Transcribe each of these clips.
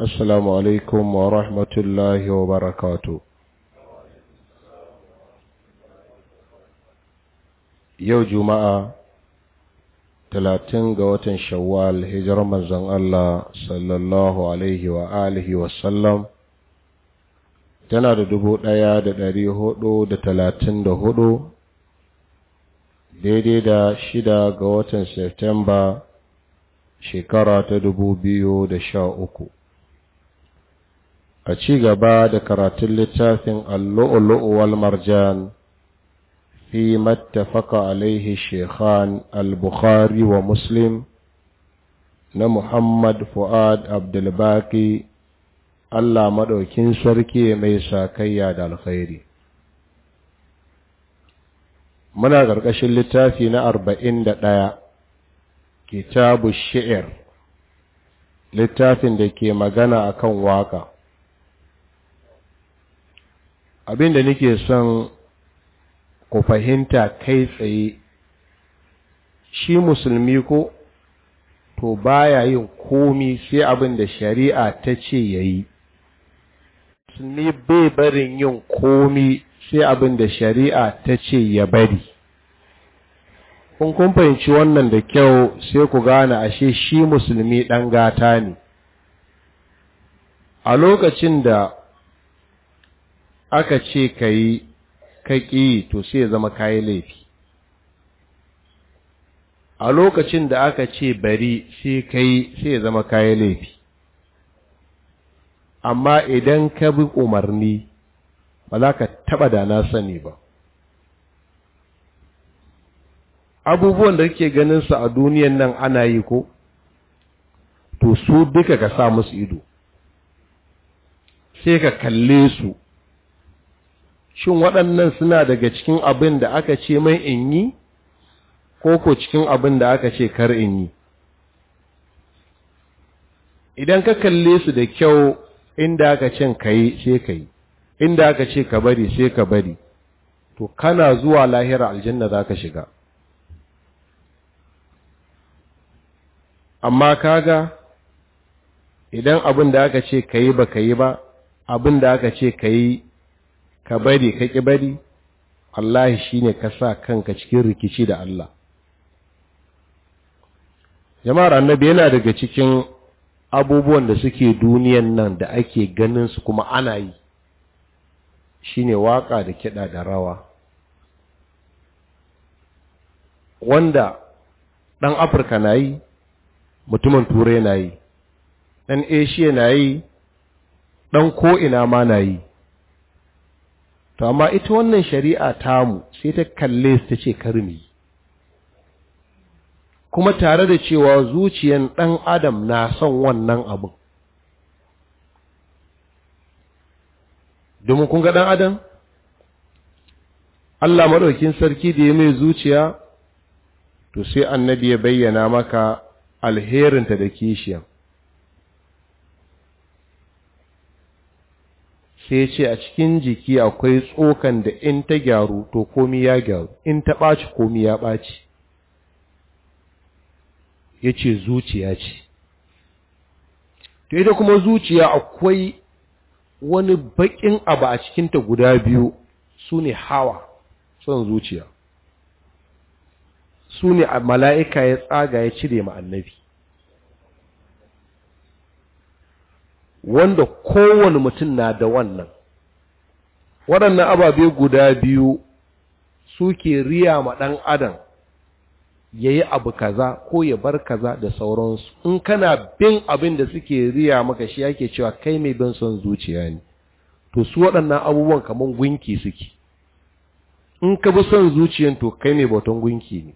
السلام عليكم ورحمة الله وبركاته يو جماعة تلاتين قوة شوال هجر مزن الله صلى الله عليه tana da dubu ɗaya da ɗari hudu da talatin da hudu daidai da shida ga watan Septemba shekara ta dubu biyu da sha uku a ci gaba da karatun littafin allu'ulu'u wal marjan fi mattafaka alaihi shekhan al-bukhari wa muslim na muhammad fu'ad abdulbaki allah maɗaukin sarki mai sakayya da alkhairi muna ƙarƙashin littafi na arba'in da ɗaya kitabu shi'ir littafin da ke magana akan waƙa abin da nake son ku fahimta kai tsaye shi musulmi ko to baya yin komi sai abin da shari'a ta ce ya yi musulmi bai barin yin komi sai abin da shari'a ta ce ya bari kun kun fahimci wannan da kyau sai ku gane ashe shi musulmi ɗan gata ne a lokacin da aka ce ka yi ka ƙi to sai ya zama kayi laifi a lokacin da aka ce bari sai ka yi sai ya zama kayi laifi amma idan ka bi umarni ba za ka taɓa da na sani ba abubuwan da kake ganin su a duniyan nan ana yi ko to su duka ka sa musu ido sai ka kalle su shin waɗannan suna daga cikin abin da aka ce mai in yi ko ko cikin abin da aka ce kar in yi idan ka kalle su da kyau inda aka ce ka yi sai ka yi inda aka ce ka bari sai ka bari to kana zuwa lahira aljanna za ka shiga amma kaga idan abin da aka ce ka yi ba ka yi ba abin da aka ce ka yi ka bari ka ƙi bari wallahi shine ka sa kanka cikin rikici da Allah jama'ar annabi yana daga cikin abubuwan da suke duniyan nan da ake ganin su kuma ana yi shine waka da kiɗa da rawa wanda ɗan afirka na yi mutumin turai na yi ɗan asia na yi ɗan ko'ina ma na yi to amma ita wannan shari'a tamu sai ta kalle su ta ce karmi kuma tare da cewa zuciyan ɗan adam na son wannan abin domin kun ga ɗan adam Allah maɗaukin sarki da ya mai zuciya to sai annabi ya bayyana maka alherinta da kishiyan sai ce a cikin jiki akwai tsokan da in ta gyaru to komi ya gyaru in ta ɓaci komi ya ɓaci ya ce zuciya ce to ita kuma zuciya akwai wani baƙin abu a cikinta guda biyu su ne hawa son zuciya su ne mala'ika ya tsaga ya cire ma annabi wanda kowane mutum na da wannan waɗannan ababe guda biyu suke riya ma ɗan adam ya yi abu kaza ko ya bar kaza da sauransu in kana bin abin da suke riya maka shi yake cewa kai mai bin son zuciya ne to su waɗannan abubuwan kamar gunki suke in ka bi son zuciyan to kai mai bautan gunki ne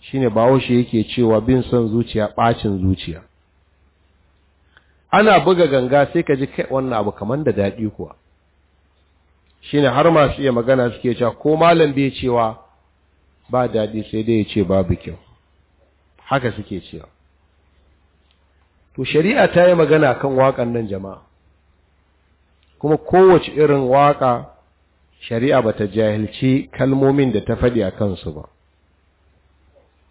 shine bawo shi yake cewa bin son zuciya ɓacin zuciya ana buga ganga sai ka ji kai wannan abu kamar da daɗi kuwa Shin har masu iya magana suke cewa ko malam bai cewa ba daɗi sai dai ya ce babu kyau haka suke cewa to shari'a ta yi magana kan waƙan nan jama'a kuma kowace irin waƙa shari'a ba ta jahilci kalmomin da ta faɗi a kansu ba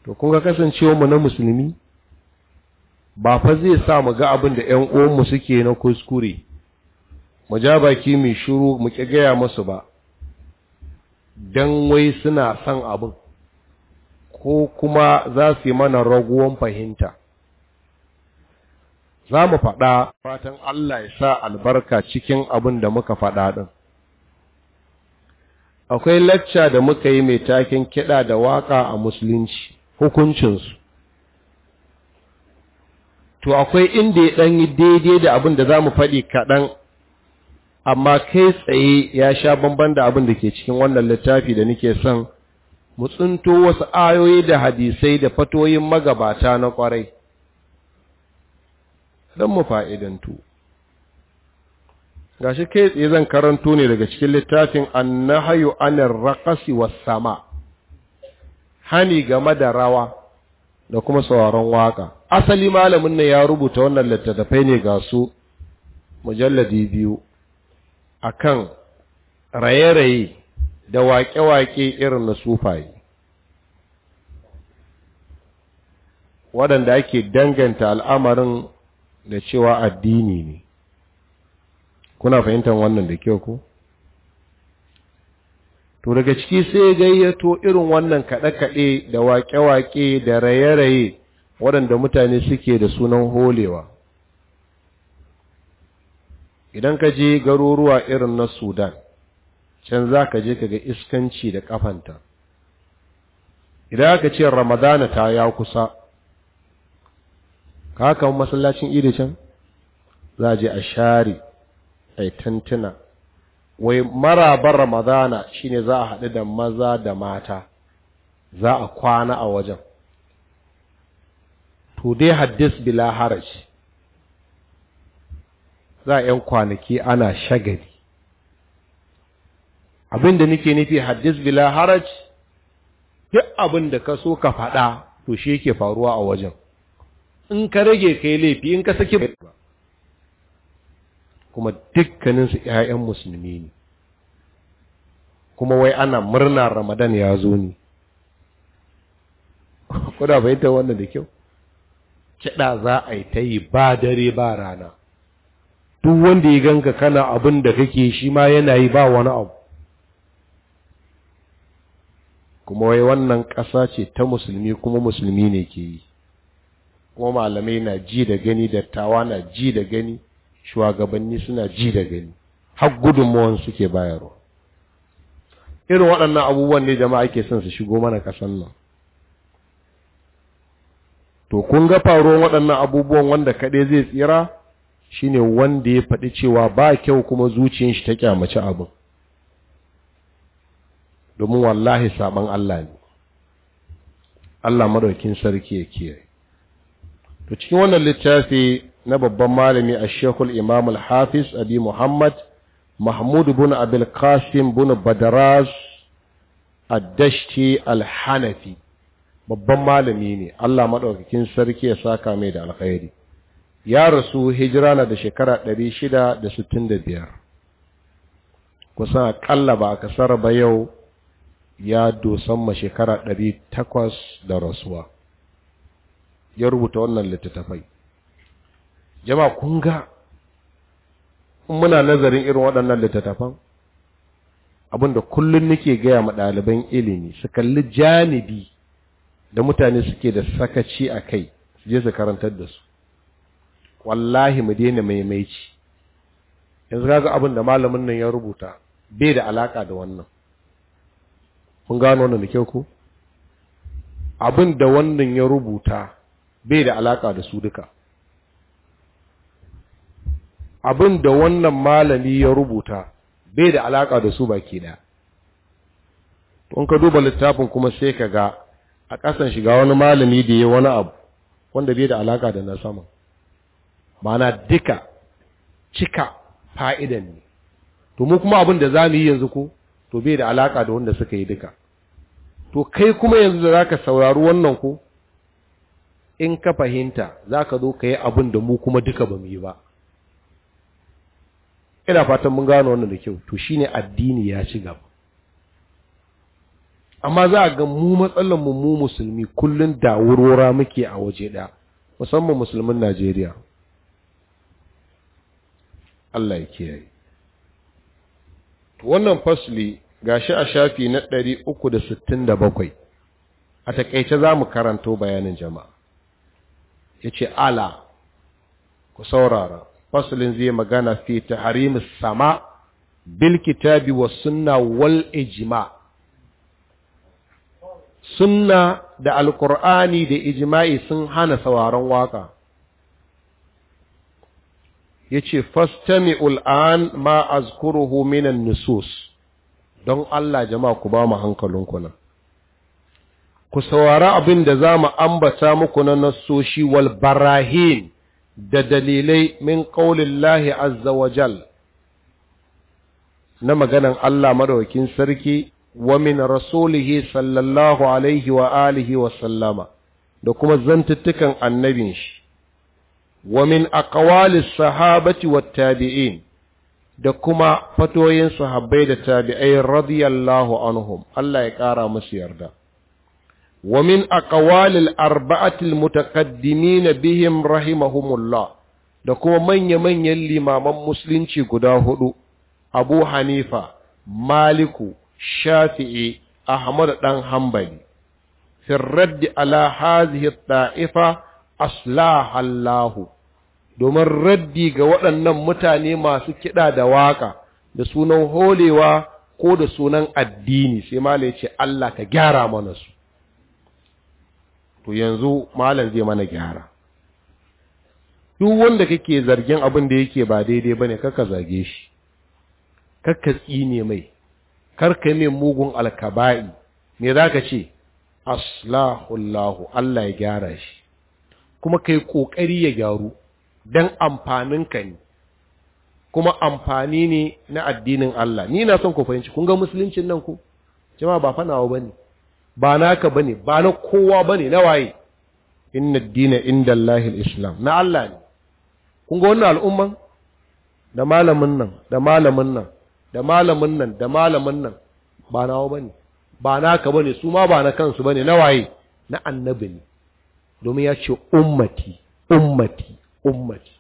to kun ga kasancewa mu na musulmi ba fa zai sa mu ga abin da ƴan uwanmu suke na kuskure mu ja baki mai shiru mu ƙi gaya musu ba Dan wai suna son abin ko kuma za su yi mana raguwan fahimta za mu faɗa fatan Allah ya sa albarka cikin abin da muka faɗa ɗin akwai lacca da muka yi mai takin kiɗa da waƙa a musulunci hukuncinsu to akwai inda ya ɗan yi daidai da abin da za mu faɗi kaɗan amma kai tsaye ya sha bamban da abin da ke cikin wannan littafi da nake son mu tsinto wasu ayoyi da hadisai da fatoyin magabata na ƙwarai don mu fa'idantu shi kai tsaye zan karanto ne daga cikin littafin hayo anar raƙasi wa sama hani game da rawa da kuma sauraron waƙa. asali malamin nan ya rubuta wannan littattafai ne ga su mujalladi biyu akan raye-raye da waƙe-waƙe irin na sufaye waɗanda ake danganta al'amarin da cewa addini ne kuna fahimtar wannan da kyau ko to daga ciki sai gayyato irin wannan kaɗe-kaɗe da waƙe-waƙe da raye-raye waɗanda mutane suke da sunan holewa idan ka je garuruwa irin na sudan can za ka je ka ga iskanci da ƙafanta idan aka ce ramadana ta ya kusa ka haka masallacin iri can za a je a share a yi tantuna wai marabar ramadana shine za a haɗu da maza da mata za a kwana a wajen to dai haddis bila haraj za a ‘yan kwanaki ana shagari abin da nake nufi haddis bila haraj duk abin da ka so ka faɗa to shi yake faruwa a wajen in ka rage kai laifi in ka saki ba kuma dukkaninsu ‘ya'yan musulmi ne kuma wai ana murna ramadan ya zo ne kuna fahimtar wannan da kyau kiɗa za a yi ta yi ba dare ba rana duk wanda ya ganka kana abin da kake shi ma yana yi ba wani abu kuma wai wannan ƙasa ce ta musulmi kuma musulmi ne ke yi kuma malamai na ji da gani dattawa na ji da gani shugabanni suna ji da gani har gudunmawan suke bayarwa irin waɗannan abubuwan ne jama'a ke son su shigo mana ƙasan nan to kun ga faruwan waɗannan abubuwan wanda kaɗai zai tsira shine wanda ya faɗi cewa ba kyau kuma zuciyar shi ta kyamaci abin domin wallahi saɓan Allah ne Allah madaukin sarki ya kiyaye to cikin wannan littafi na babban malami a shekul imam al-hafiz abi muhammad mahmud bin abil qasim bin badaras ad al-hanafi babban malami ne Allah madaukakin sarki ya saka mai da alkhairi ya rasu hijira na da shekara 665 kusan akalla ba a kasar ba yau ya dosan ma shekara 800 da rasuwa ya rubuta wannan littattafai jama kun ga muna nazarin irin waɗannan littattafan abin da kullum nake gaya ma ɗaliban ilimi su kalli janibi da mutane suke da sakaci a kai su je su karantar da su wallahi mu daina maimaici yanzu ga abin da malamin nan ya rubuta bai da alaka da wannan kun gano wannan da kyau ko abin da wannan ya rubuta bai da alaka da su duka abin da wannan malami ya rubuta bai da alaka da su baki da in ka duba littafin kuma sai ka ga a ƙasan shiga wani malami da ya wani abu wanda bai da alaka da na saman mana duka cika fa'idan ne to mu kuma abin da za mu yi yanzu ko to bai da alaka da wanda suka yi duka to kai kuma yanzu da za ka saurari wannan ko in ka fahimta za ka zo ka yi abin da mu kuma duka ba mu yi ba ina fatan mun gano wannan da kyau to shine addini ya ci gaba amma za a ga mu matsalar mu mu musulmi kullun da wurwura muke a waje ɗaya musamman musulmin Najeriya Allah ya kiyaye wannan fasli gashi a shafi na 367 a takeice mu karanto bayanin jama'a yace ala ku saurara fasalin zai magana fi Harimus sama bil kitabi wa sunna wal ijima. sunna da alqur'ani da ijma'i sun hana sauraron waka yace fastami'ul Al'an ma azkuruhu minan nusus don Allah jama'a ku ba mu hankalinku nan ku saurari abin da za mu ambata muku na nasoshi wal barahin da dalilai min qaulillahi azza wajal na maganan Allah madaukakin sarki wa min rasulihi sallallahu alaihi wa alihi wa sallama da kuma zantuttukan annabin shi wa min aqwalis sahabati wat tabi'in da kuma fatoyin sahabbai da tabi'ai radiyallahu anhum Allah ya ƙara musu yarda ومن أقوال الأربعة المتقدمين بهم Rahima الله da kuma manya-manyan limaman musulunci guda hudu abu hanifa maliku shafi'i ahmad Ɗan hambali firraddi ala hazihi ta'ifa aslahallahu domin raddi ga waɗannan mutane masu kiɗa da waƙa da sunan holewa ko da sunan addini sai mala ce Allah ka gyara mana su to yanzu malam zai mana gyara duk wanda kake zargin abin da yake ba daidai bane kaka zage shi kaka tsine mai karka mai mugun alkaba'i me zaka ce aslahullahu Allah ya gyara shi kuma kai kokari ya gyaru dan amfanin ka ne kuma amfani ne na addinin Allah ni na son ku fahimci kun ga musuluncin nan ku jama'a ba fanawa bane ba naka bane ba na kowa bane na waye inna dina inda Allahil Islam na Allah ne kun ga wannan al'umman da malamin nan da malamin nan da malamin nan da malamin nan ba nawa bane ba naka bane su ma ba na kansu bane na waye na annabi ne domin ya ce ummati ummati ummati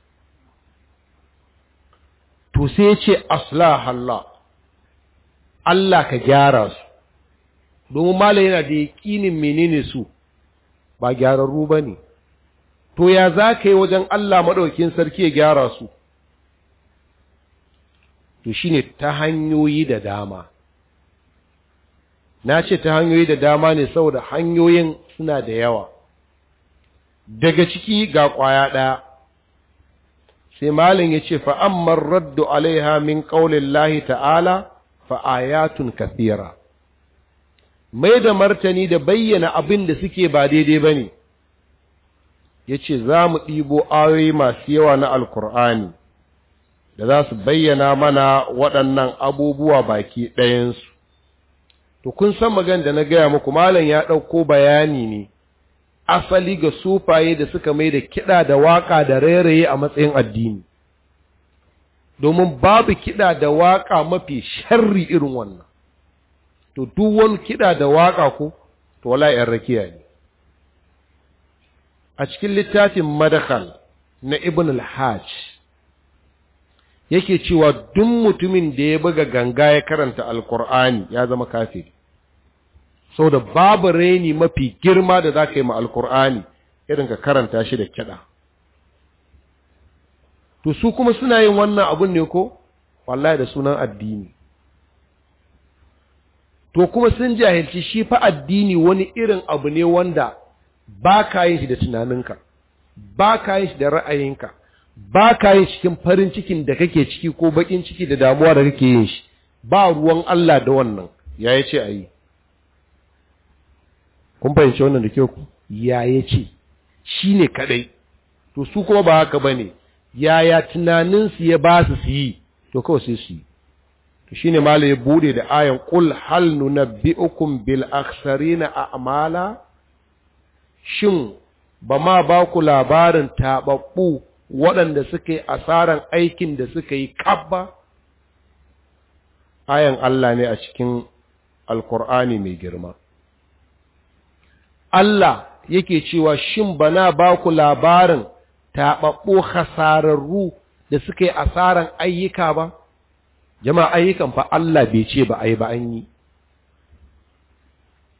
to sai ya ce aslahallah Allah ka gyara su domin mala yana da yaƙinin menene su ba gyararru ba ne to ya za ka yi wajen Allah maɗaukin sarki ya gyara su to shi ne ta hanyoyi da dama na ce ta hanyoyi da dama ne saboda hanyoyin suna da yawa daga ciki ga ƙwaya ɗaya sai malin ya ce fa'ammar raddu alaiha min ƙaunin lahi ta'ala fa'ayatun kathira mai da martani da bayyana abin da suke ba daidai ba ne ya ce za mu ɗibo ayoyi masu yawa na alkur'ani da za su bayyana mana waɗannan abubuwa baki ɗayansu to kun san magan da na gaya muku malam ya ɗauko bayani ne asali ga sufaye da suka mai da kiɗa da waƙa da rairaye a matsayin addini domin babu kiɗa da waƙa mafi sharri irin wannan to duk wani kiɗa da waƙa ko to wala yan rakiya ne a cikin littafin madakal na ibn al-hajj yake cewa duk mutumin da ya buga ganga ya karanta alkur'ani ya zama kafiri sau da babu raini mafi girma da za ka yi ma alkur'ani irin ka karanta shi da kiɗa to su kuma suna yin wannan abun ne ko wallahi da sunan addini to kuma sun jahilci shi fa addini wani irin abu ne wanda ba ka yin shi da tunaninka ba ka yin shi da ra'ayinka ba ka yin cikin farin cikin da kake ciki ko bakin ciki da damuwa da kake yin shi ba ruwan Allah da wannan ya ya ce a yi kun fahimci wannan da kyau ya ya ce shi ne kaɗai to su kuma ba haka ba ne yaya tunaninsu ya ba su su yi to kawai sai su yi to shine malai ya bude da ayan qul hal nunabbiukum bil akhsarina a'mala shin ba ma ba ku labarin taɓaɓɓu waɗanda suka yi asaran aikin da suka yi kabba ayan Allah ne a cikin alkur'ani mai girma Allah yake cewa shin bana ba ku labarin taɓaɓɓu hasararru da suka yi asaran ayyuka ba jama'a ayyukan fa Allah bai ce ba ai ba an yi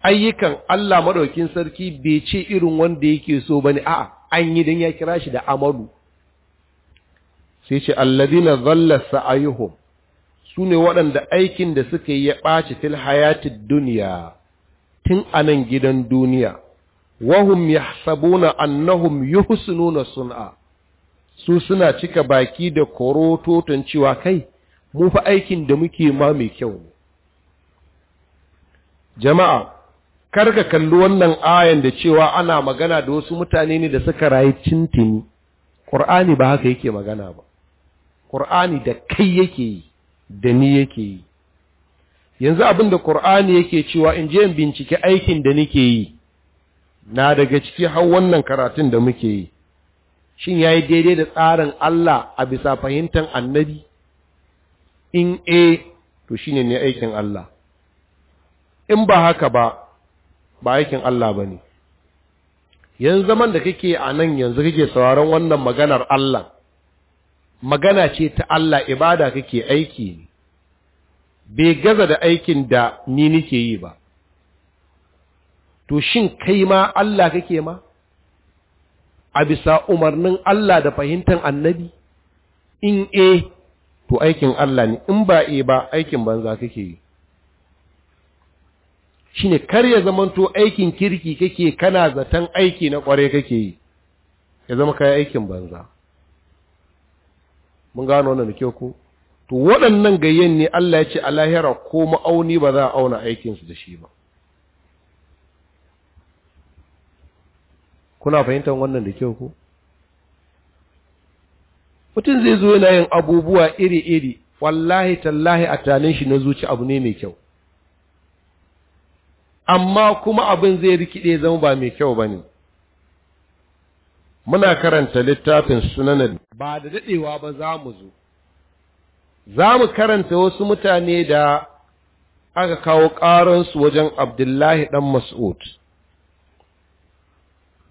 ayyukan Allah madaukin sarki bai ce irin wanda yake so bane a'a an yi dan ya kira shi da amalu sai ce alladina dhalla sa'ayuhum sune waɗanda aikin da suka yi ya ɓaci fil hayatid dunya tun anan gidan duniya wahum yahsabuna annahum yuhsinuna sun'a su suna cika baki da korototon cewa kai mu fa aikin da muke ma mai kyau jama'a kar ka kalli wannan ayan da cewa ana magana da wasu mutane ne da suka rayu cintini ƙur'ani ba haka yake magana ba ƙur'ani da kai yake yi da ni yake yi yanzu abin da ƙur'ani yake cewa in je in bincike aikin da nake yi na daga ciki har wannan karatun da muke yi shin ya yi daidai da tsarin Allah a bisa fahimtar annabi in A to shine ne aikin Allah in ba haka ba ba aikin Allah ba ne yanzu zaman da kake a nan yanzu kake sauraron wannan maganar Allah magana ce ta Allah ibada kake aiki ne bai gaza da aikin da ni nike yi ba to shin kai ma Allah kake ma a bisa umarnin Allah da fahimtar annabi in eh to aikin Allah ne in ba e ba aikin banza kake yi shine kar ya zamanto aikin kirki kake kana zaton aiki na kware kake yi ya zama kai aikin banza mun gano wannan kyau ko to waɗannan gayyen ne Allah ya ce a lahira ko ma'auni ba za a auna aikinsu da shi ba kuna fahimtar wannan da kyau ko mutum zai zo yana yin abubuwa iri-iri wallahi tallahi a tanin shi na zuci abu ne mai kyau amma kuma abin zai rikide zama ba mai kyau ba ne muna karanta littafin sunanar ba da daɗewa ba za mu zo za mu karanta wasu mutane da aka kawo ƙaransu wajen abdullahi ɗan mas'ud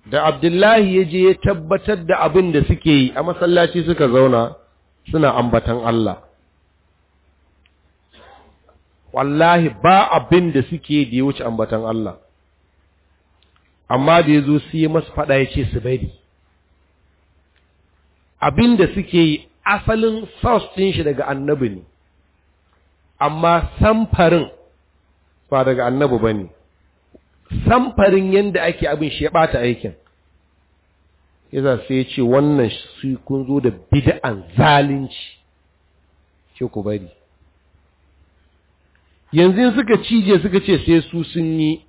da abdullahi ya je ya tabbatar da abin da suke yi a masallaci suka zauna suna ambatan Allah wallahi ba abin da suke da ya wuce ambatan Allah amma da ya zo su yi masu faɗa ya ce su bari abin da suke yi asalin source ɗin shi daga annabi ne amma samfarin ba daga annabi ba ne samfarin yadda ake abin shi ya ɓata aikin yasa sai ce wannan su kun zo da bid'an zalunci ce ku bari yanzu suka cije suka ce sai su sun yi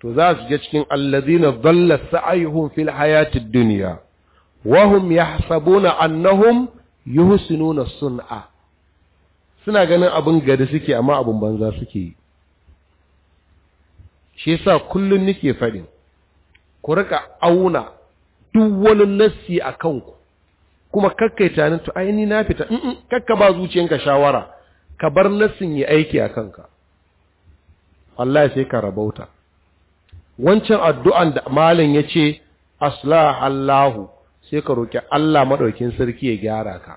to za su je cikin allazina dhalla sa'ayuhum fil hayatid dunya wa hum yahsabuna annahum yuhsinuna sun'a suna ganin abin gari suke amma abin banza suke yi shi yasa kullun nake faɗin ku rika auna duk wani nassi a kanku kuma kakkaita ni to ni na fita in kakka ba zuciyanka shawara ka bar nassin ya aiki a kanka wallahi sai ka rabauta wancan addu'an da malam ya ce aslah Allahu sai ka roki Allah madaukin sarki ya gyara ka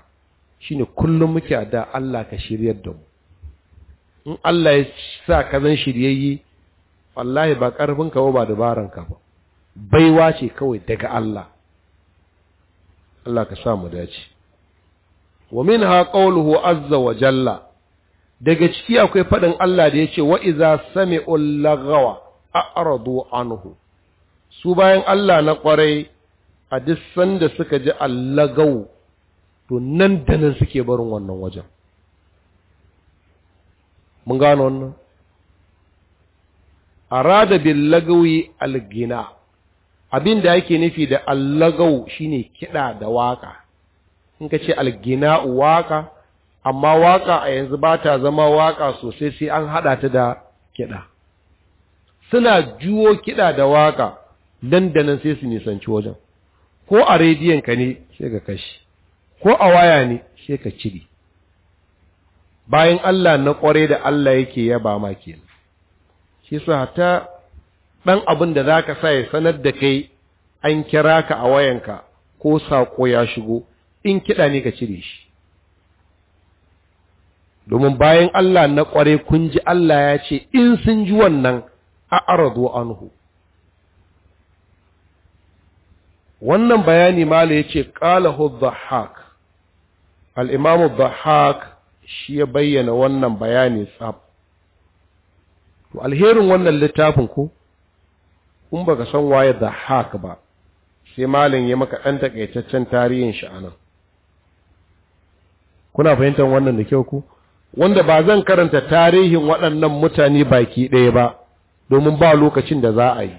shine kullum muke da Allah ka shiryar da mu in Allah ya sa ka zan shiryayye wallahi ba karfin ka ba dabaran ka ba baiwa ce kawai daga Allah Allah ka sa mu dace wa minha qawluhu azza wa jalla daga ciki akwai faɗin Allah da yace wa iza sami'u lagawa a'radu anhu su bayan Allah na kwarai a duk sanda suka ji allagau to nan da nan suke barin wannan wajen mun gano wannan arada bil lagawi al gina abin da yake nufi da al shine kiɗa da waka in ka ce al gina waka amma waka a yanzu ba ta zama waka sosai sai an haɗa ta da kiɗa suna juwo kiɗa da waka nan sai su nisanci wajen ko a rediyon ka ne sai ka kashi ko a waya ne sai ka cire bayan Allah na kware da Allah yake yaba ma kenan shi sa ta ɗan abin da za ka sa ya sanar da kai an kira ka a wayanka ko saƙo ya shigo in kiɗa ne ka cire shi domin bayan Allah na ƙware kun ji Allah ya ce in sun ji wannan a aradu anhu wannan bayani mala ya ce ƙalahu dhahak al'imamu dhahak shi ya bayyana wannan bayani tsab to alherin wannan littafin ko in baka san waye da hak ba sai malam ya maka ɗan takaitaccen tarihin shi anan kuna fahimtar wannan da kyau ku wanda ba zan karanta tarihin waɗannan mutane baki ɗaya ba domin ba lokacin da za a yi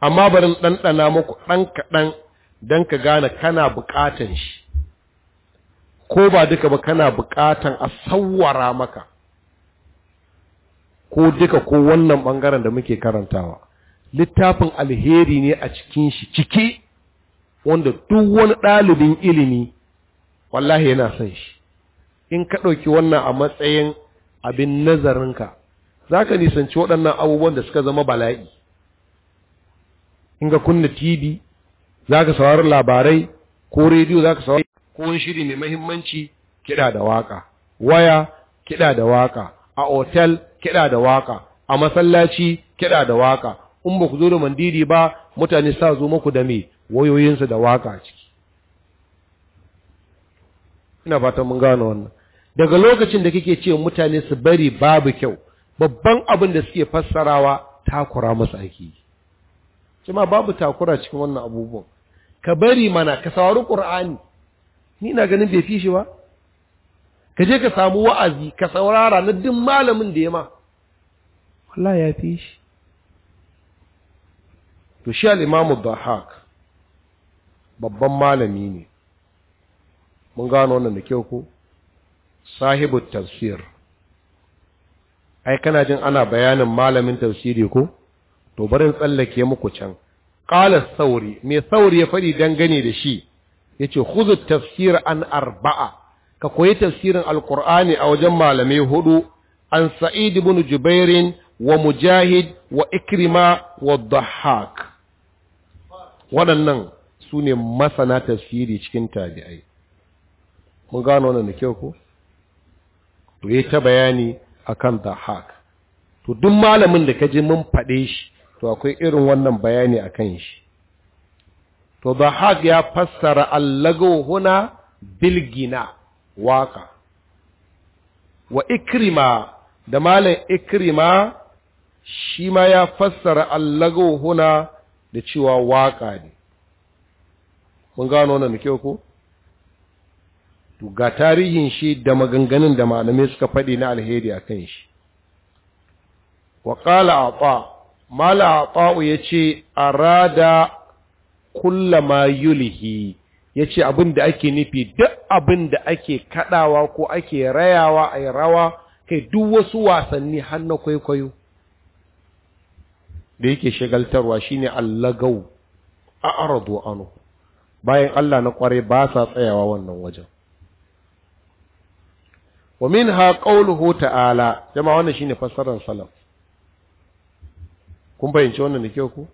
amma barin ɗanɗana muku ɗan kaɗan don ka gane kana buƙatan shi ko ba duka ba kana buƙatan a sawwara maka ko duka ko wannan bangaren da muke karantawa littafin alheri ne a cikin shi ciki wanda duk wani ɗalibin ilimi wallahi yana son shi in ka ɗauki wannan a matsayin abin nazarinka za ka nisanci waɗannan abubuwan da suka zama bala'i in ka kunna tv za ka saurari labarai ko rediyo za ka saurari ko wani shiri mai mahimmanci kiɗa da waka waya kiɗa da waka a otel kiɗa da waƙa a masallaci kiɗa da waƙa, in ba ku zo da mandiri ba mutane sa zo muku da me wayoyinsu da waƙa a ciki ina fatan mun gano wannan daga lokacin da kike ce mutane su bari babu kyau babban abin da suke fassarawa takura masu aiki kuma babu takura cikin wannan abubuwan ka bari mana ka saurari qur'ani ni na ganin bai fi shi ba ka je ka samu wa'azi ka saurara na duk malamin da ya ma Allah ya fi shi to shi al-imamu babban malami ne mun gano wannan da kyau ko sahibu tafsir ai kana jin ana bayanin malamin tafsiri ko to barin tsallake muku can Kala sauri me sauri ya faɗi dangane da shi Ya ce huzu tafsir an arba'a ka koyi tafsirin alƙur'ani a wajen malamai hudu an sa'idu ibn jubairin wa mujahid wa ikrima wa dhahak waɗannan su ne masana tafsiri cikin tabi'ai mun gano wannan da kyau ko to yi ta bayani akan dhahak to duk malamin da kaje mun faɗe shi to akwai irin wannan bayani akan shi to dhahak ya fassara allago huna bilgina waka wa ikrima da malam ikrima shi ma ya fassara allago huna da cewa waƙa ne mun gano na da kyau ko ga tarihin shi da maganganun da malamai suka faɗi na alheri a kan shi wa a ata mala ata yace arada kullama ya ce abin da ake nufi duk abin da ake kaɗawa ko ake rayawa a rawa kai duk wasu wasanni har na kwaikwayo da yake shagaltarwa shine allagau a a'radu ano bayan Allah na kware ba sa tsayawa wannan wajen wa minha qawluhu ta'ala jama wannan shine fassarar Salam, kun bayyance wannan da kyau ku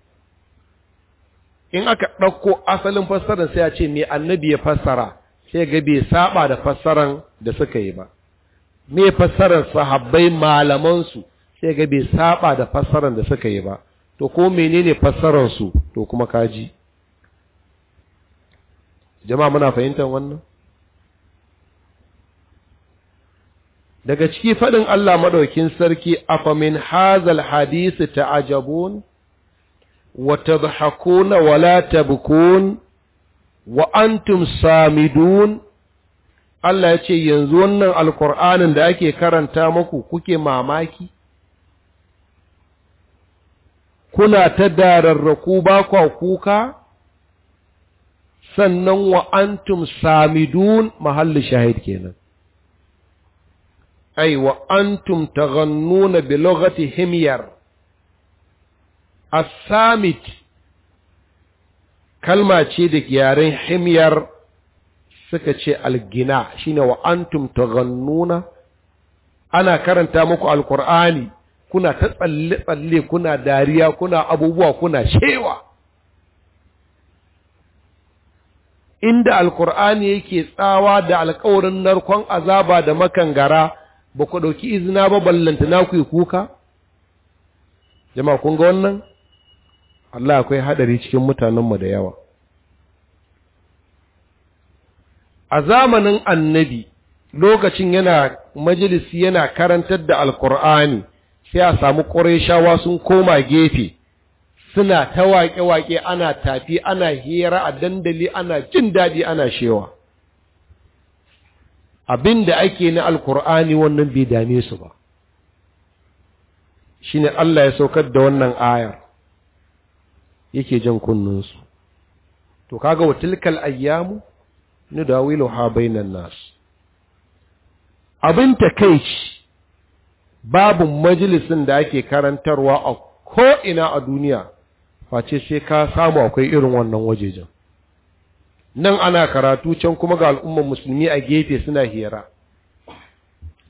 in aka ɗauko asalin fassarar sai a ce me annabi ya fassara sai ga bai saba da fassaran da suka yi ba me fassarar sahabbai malamansu sai ga bai saba da fassaran da suka yi ba to ko menene fassararsu to kuma kaji jama'a muna fahimtar wannan daga ciki faɗin Allah maɗaukin sarki afa min hazal hadisi ta'ajabun wa tadhakuna wa la tabkun wa antum samidun Allah ya ce yanzu wannan alkur'anin da ake karanta muku kuke mamaki kuna ta dararraku ba kwa kuka sannan wa antum samidun mahalli shahid kenan ai wa antum taghannuna bi lughati himyar as-samit kalma ce da yaren himyar suka ce algina shine wa antum taghannuna ana karanta muku alqur'ani kuna ta tsalle-tsalle kuna dariya kuna abubuwa kuna shewa inda alkur'ani yake tsawa da alkawarin narkon azaba da makangara ba ku ɗauki izina ba ballanta na ku yi kuka jama'a kun ga wannan Allah akwai haɗari cikin mutanenmu da yawa a zamanin annabi lokacin yana majalisi yana karantar da alkur'ani sai a samu ƙorishawa sun koma gefe suna ta waƙe-waƙe ana tafi ana hira a dandali ana jin daɗi ana shewa abin da ake na alkur'ani wannan bai dame su ba shi ne Allah ya saukar da wannan ayar yake jan kunninsu to kaga wa tilkal ayyamu ni da wilo ha bainan nasu abin ta kai shi babu majalisin da ake karantarwa a ko'ina a duniya face sai ka samu akwai irin wannan wajejen nan ana karatu can kuma ga al'ummar musulmi a gefe suna hira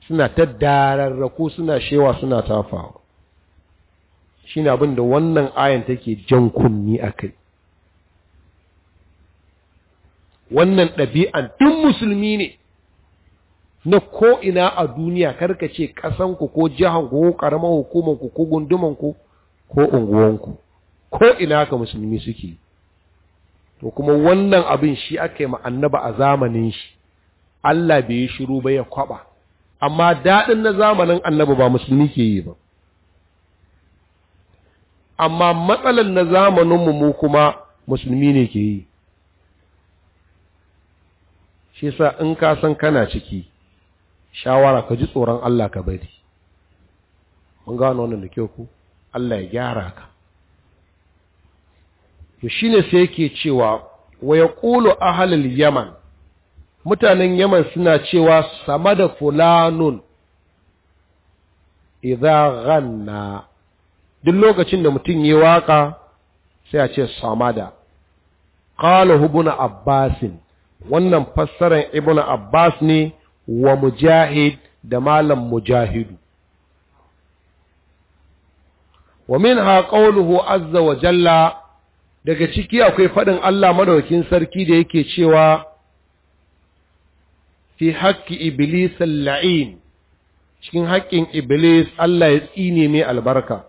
suna ta dararraku suna shewa suna tafawa shi ne abin da wannan ayan take jan kunni a kai wannan ɗabi'an duk musulmi ne na ko ina a duniya karka ce ƙasanku ko jihanku ko ƙaramar hukumanku ko gundumanku ko unguwanku ko'ina ka musulmi suke to kuma wannan abin shi aka yi annaba a zamanin shi Allah bai yi shiru ba ya kwaba amma daɗin na zamanin annaba ba musulmi ke yi ba amma matsalar na zamaninmu mu kuma musulmi ne ke yi shi sa in ka san kana ciki shawara ka ji tsoron Allah ka bari mun gano wannan da kyau ku Allah ya gyara ka to shine sai yake cewa wa yaqulu ahlul yaman mutanen yaman suna cewa sama da fulanun idza ganna duk lokacin da mutum yi waka sai a ce samada qala ibn abbasin wannan fassarar ibn abbas ne wa mujahid da malam mujahidu wa minha qawluhu azza wa jalla daga ciki akwai faɗin Allah madaukin sarki da yake cewa fi haƙƙi iblis la'in cikin haƙƙin iblis Allah ya tsine mai albarka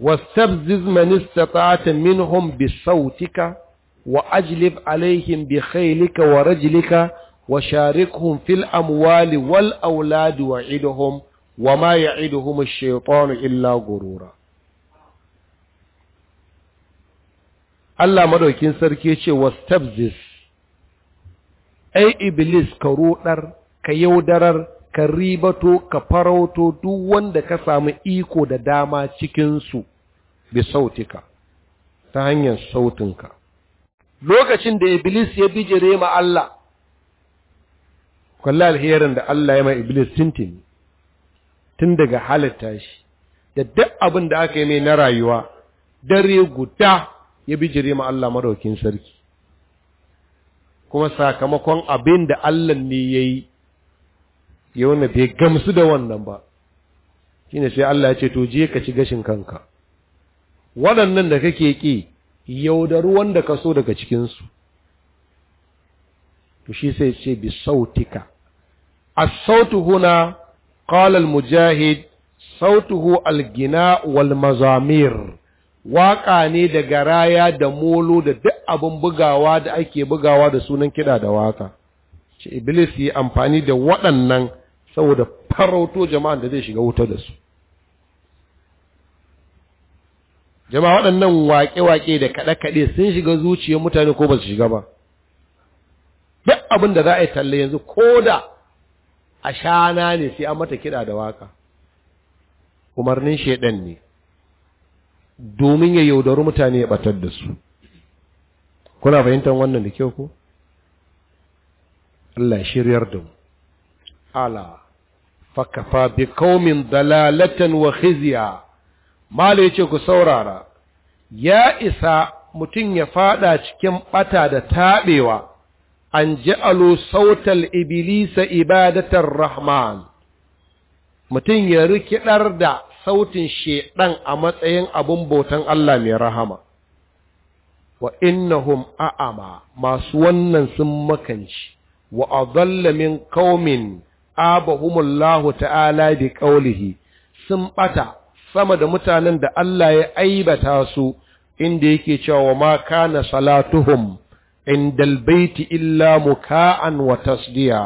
wastabziz man istata'ta minhum bi sautika wa ajlib alaihim bi khaylika wa rajlika wa sharikhum fil amwali wal auladi wa idhum wa ma illa gurura Allah madaukin sarki ce wastabzis ai iblis ka roɗar ka yaudarar ka ribato ka farauto duk wanda ka samu iko da dama cikinsu bi sautika ta hanyar sautinka lokacin da iblis ya bijire ma Allah kwalli alherin da Allah ya ma Iblis tintin tun daga halitta shi da duk abin da aka yi mai na rayuwa dare guda ya bijire ma Allah maraukin sarki kuma sakamakon abin da Allah ne ya yi ya bai gamsu da wannan ba ne sai Allah ya ce to je ka ci gashin kanka waɗannan da kake ƙi yaudaru wanda ka so daga cikinsu to shi sai ce bi sautika as-sautu huna qala al-mujahid sautuhu al-gina wal mazamir waka ne da garaya da molo da duk abun bugawa da ake bugawa da sunan kiɗa da waka ce iblis yi amfani da waɗannan saboda farauto jama'an da zai shiga wuta da su jama'a waɗannan waƙe-waƙe da kaɗe-kaɗe sun shiga zuciyar mutane ko ba su shiga ba duk abin da za a yi talle yanzu ko da a shana ne sai an mata kiɗa da waka umarnin shaidan ne domin ya yaudari mutane ya batar da su kuna fahimtar wannan da kyau ko Allah shiryar da mu ala fakafa bi kaumin dalalatan wa khizya mala yace ku saurara ya isa mutum ya fada cikin bata da tabewa an ja'alu sautal iblisa ibadatar rahman mutum ya rikidar da sautin shedan a matsayin abun bautan Allah mai rahama wa innahum a'ama masu wannan sun makanci wa adalla min qaumin abahumullahu ta'ala bi qawlihi sun bata sama da mutanen da Allah ya aibata su inda yake cewa ma kana salatuhum عند البيت illa muka'an wa tasdiya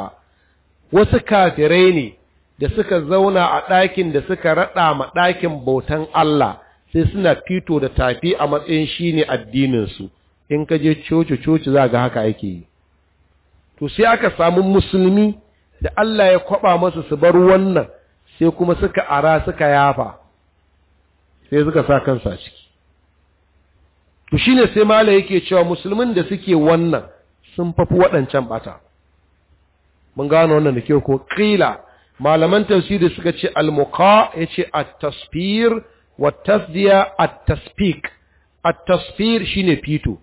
wasu kafirai ne da suka zauna a ɗakin da suka raɗa ma ɗakin bautan Allah sai suna fito da tafi a matsayin shi ne addininsu in ka je coci-coci za ga haka ake yi to sai aka samu musulmi da Allah ya kwaba masu su bar wannan sai kuma suka ara suka yafa sai suka sa kansa ciki to shine sai mala yake cewa musulmin da suke wannan sun fafi waɗancan bata mun gano wannan da kyau ko ƙila, malaman tafsiri suka ce almuka, ya ce a tasfir wa tasdiya a tasfik a tasfir shine fito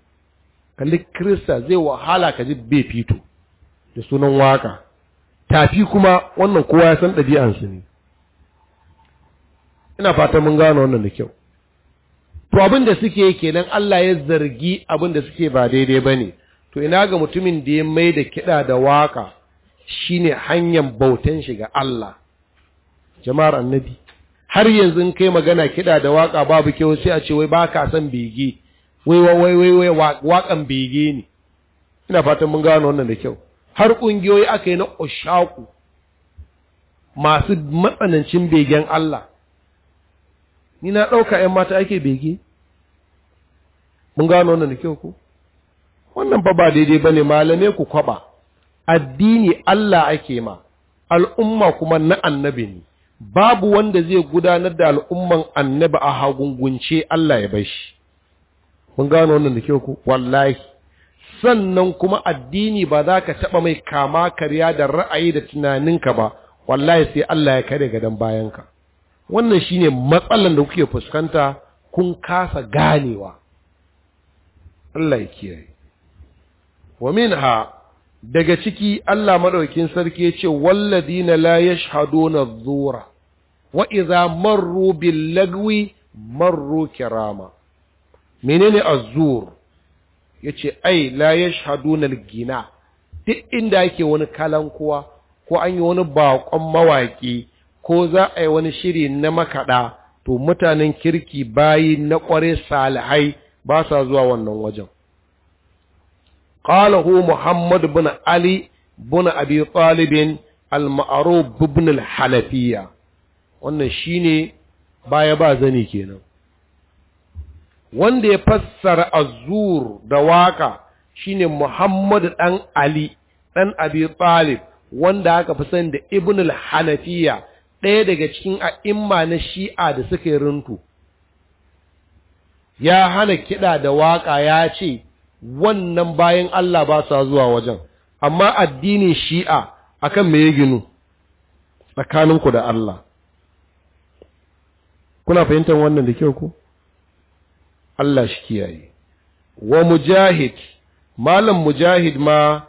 kalli krista zai wahala ka ji bai fito da sunan waka tafi kuma wannan kowa ya san ɗabi'ansu ne ina fatan mun gano wannan da kyau to abin da suke kenan Allah ya zargi abin da suke ba daidai ba ne, to ina ga mutumin da ya mai da kiɗa da waka shine hanyar bautan shi ga Allah jama'ar annabi har yanzu kai magana kiɗa da waka babu kyau sai a ce wai ba ka san bege wai wai wai wai wakan bege ne ina fatan mun gano wannan da kyau har ƙungiyoyi aka yi na oshaku masu matsanancin begen Allah ni na ɗauka ‘yan mata ake bege mun gano wannan da kyau ku wannan ba ba daidai ba ne malame ku kwaba addini Allah ake ma al'umma kuma na annabi ne babu wanda zai gudanar da al'umman annabi a hagungunce Allah ya bai shi mun gano wannan da kyau ku wallahi sannan kuma addini ba za ka taɓa mai kama karya da ra'ayi da tunaninka ba wallahi sai Allah ya kare gadon bayanka wannan shine matsalan da kuke fuskanta kun kasa ganewa Allah ya kiyaye wa minha daga ciki Allah maɗaukin sarki ya ce walladina la yashhaduna adh-dhura wa idza marru bil lagwi marru kirama menene azur ya yace ai la yashhaduna al-gina duk inda yake wani kalankuwa, ko an yi wani baƙon mawaƙi, ko za a yi wani shiri na makaɗa, to mutanen kirki bayi na kware salihai ba sa zuwa wannan wajen qala hu muhammad bin ali bin abi talib al ma'ruf ibn halafiya wannan shine baya ba zani kenan wanda ya fassara azur da waka shine muhammad dan ali dan abi talib wanda aka fi sani da ibn al hanafiya ɗaya daga cikin a'imma na shi'a da suka yi runtu ya hana kiɗa da waƙa ya ce wannan bayan Allah ba sa zuwa wajen amma addinin shi'a akan me ya ginu tsakaninku da Allah kuna fahimtar wannan da kyau ku Allah shi kiyaye wa mujahid malam mujahid ma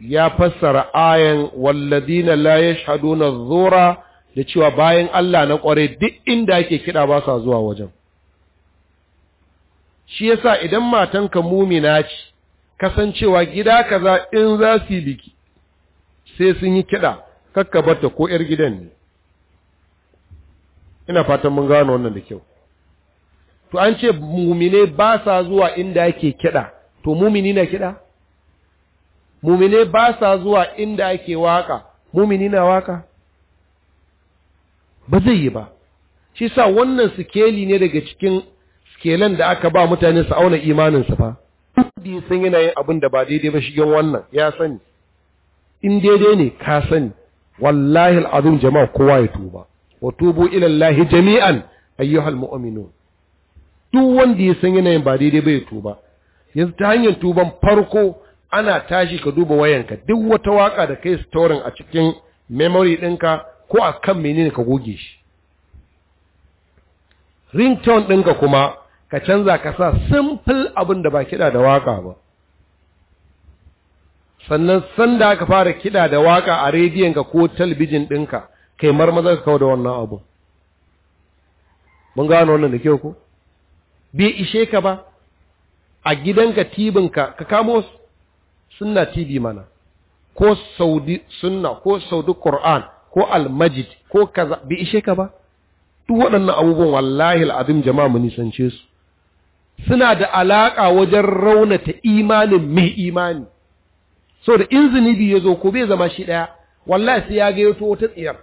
ya fassara ayan walladina la yashhaduna zura da cewa bayan Allah na kware duk inda ake kiɗa ba sa zuwa wajen shi yasa idan matanka mumina ce kasancewa gida kaza in za su yi biki sai sun yi kiɗa kakka barta ko 'yar gidan ne ina fatan mun gano wannan da kyau to an ce mumine ba sa zuwa inda ake kiɗa to mumini na kiɗa mumine ba sa zuwa inda ake waka mumini na waka ba zai yi ba shi sa wannan sikeli ne daga cikin kenan da aka ba mutane su auna imaninsu fa bi sun yana yin abin da ba daidai ba shigen wannan ya sani in daidai ne ka sani wallahi al'azim jama'a kowa ya tuba wa tubu ila Allah jami'an ayyuhal mu'minun duk wanda ya san yana yin ba daidai ba ya tuba yanzu ta hanyar tuban farko ana tashi ka duba wayanka duk wata waka da kai storing a cikin memory ɗinka ko a kan menene ka goge shi ringtone ɗinka kuma ka canza ka sa simple abin da ba kiɗa da waka ba sannan sanda ka fara kiɗa da waka a rediyon ka ko talbijin ɗinka kai marmaza ka kawo da wannan abu mun gano wannan da kyau ko bai ishe ka ba a gidanka tibinka ka kamo sunna tibi mana ko saudi sunna ko saudi qur'an ko almajid ko kaza bai ishe ka ba duk waɗannan abubuwan wallahi al'adun jama'a mu nisance su suna da alaƙa wajen raunata imanin mai imani so da in zunubi ya zo ko bai zama shi ɗaya wallahi sai ya gayyato wata tsiyar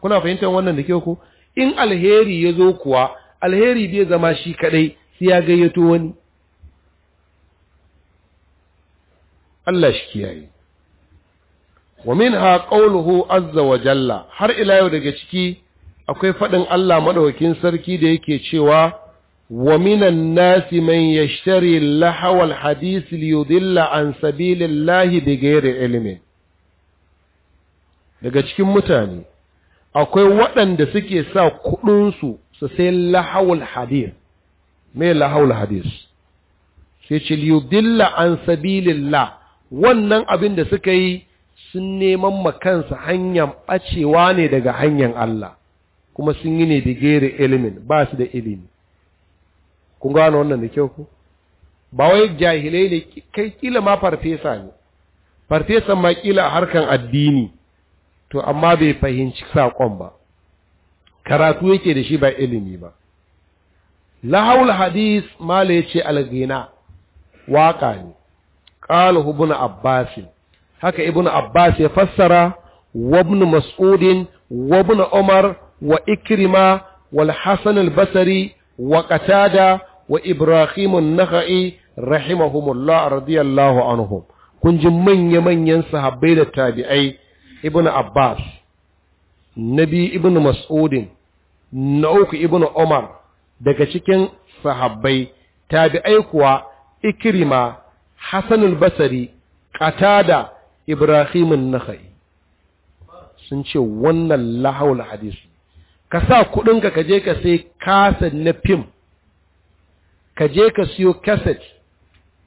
kuna fahimtar wannan da ke ku in alheri ya zo kuwa alheri bai zama shi kaɗai sai ya gayyato wani Allah shi kiyaye wa ha ƙaunuhu azza wa jalla har ila yau daga ciki akwai faɗin Allah maɗaukin sarki da yake cewa ومن الناس من يشتري اللهو الحديث ليضل عن سبيل الله بغير علم daga cikin mutane akwai waɗanda suke sa kuɗinsu su sai lahawul hadith mai lahawul hadith sai ce liyudilla an sabilillah wannan abin da suka yi sun neman ma makansa hanyar ɓacewa ne daga hanyar Allah kuma sun yi ne da gere ilimin ba su da ilimi kun gano wannan da kyau ku ba wai jahilai ne kai kila ma farfesa ne farfesan ma kila harkan addini to amma bai fahimci saƙon ba karatu yake da shi ba ilimi ba lahawul hadis mala yace alghina waka ne qala ibn abbas haka ibn abbas ya fassara wa ibn mas'ud wa ibn umar wa ikrima wal hasan al basri wa qatada wa Ibrahim an-Nakhai rahimahumullah radiyallahu anhum kun ji manya manyan sahabbai da tabi'ai ibnu Abbas Nabi ibnu Mas'udin na uku ibnu Umar daga cikin sahabbai tabi'ai kuwa Ikrima Hassanul Basri Qatada Ibrahim an sun ce wannan lahawul hadisi ka sa kuɗinka ka je ka sai kasa na fim ka je ka siyo kaset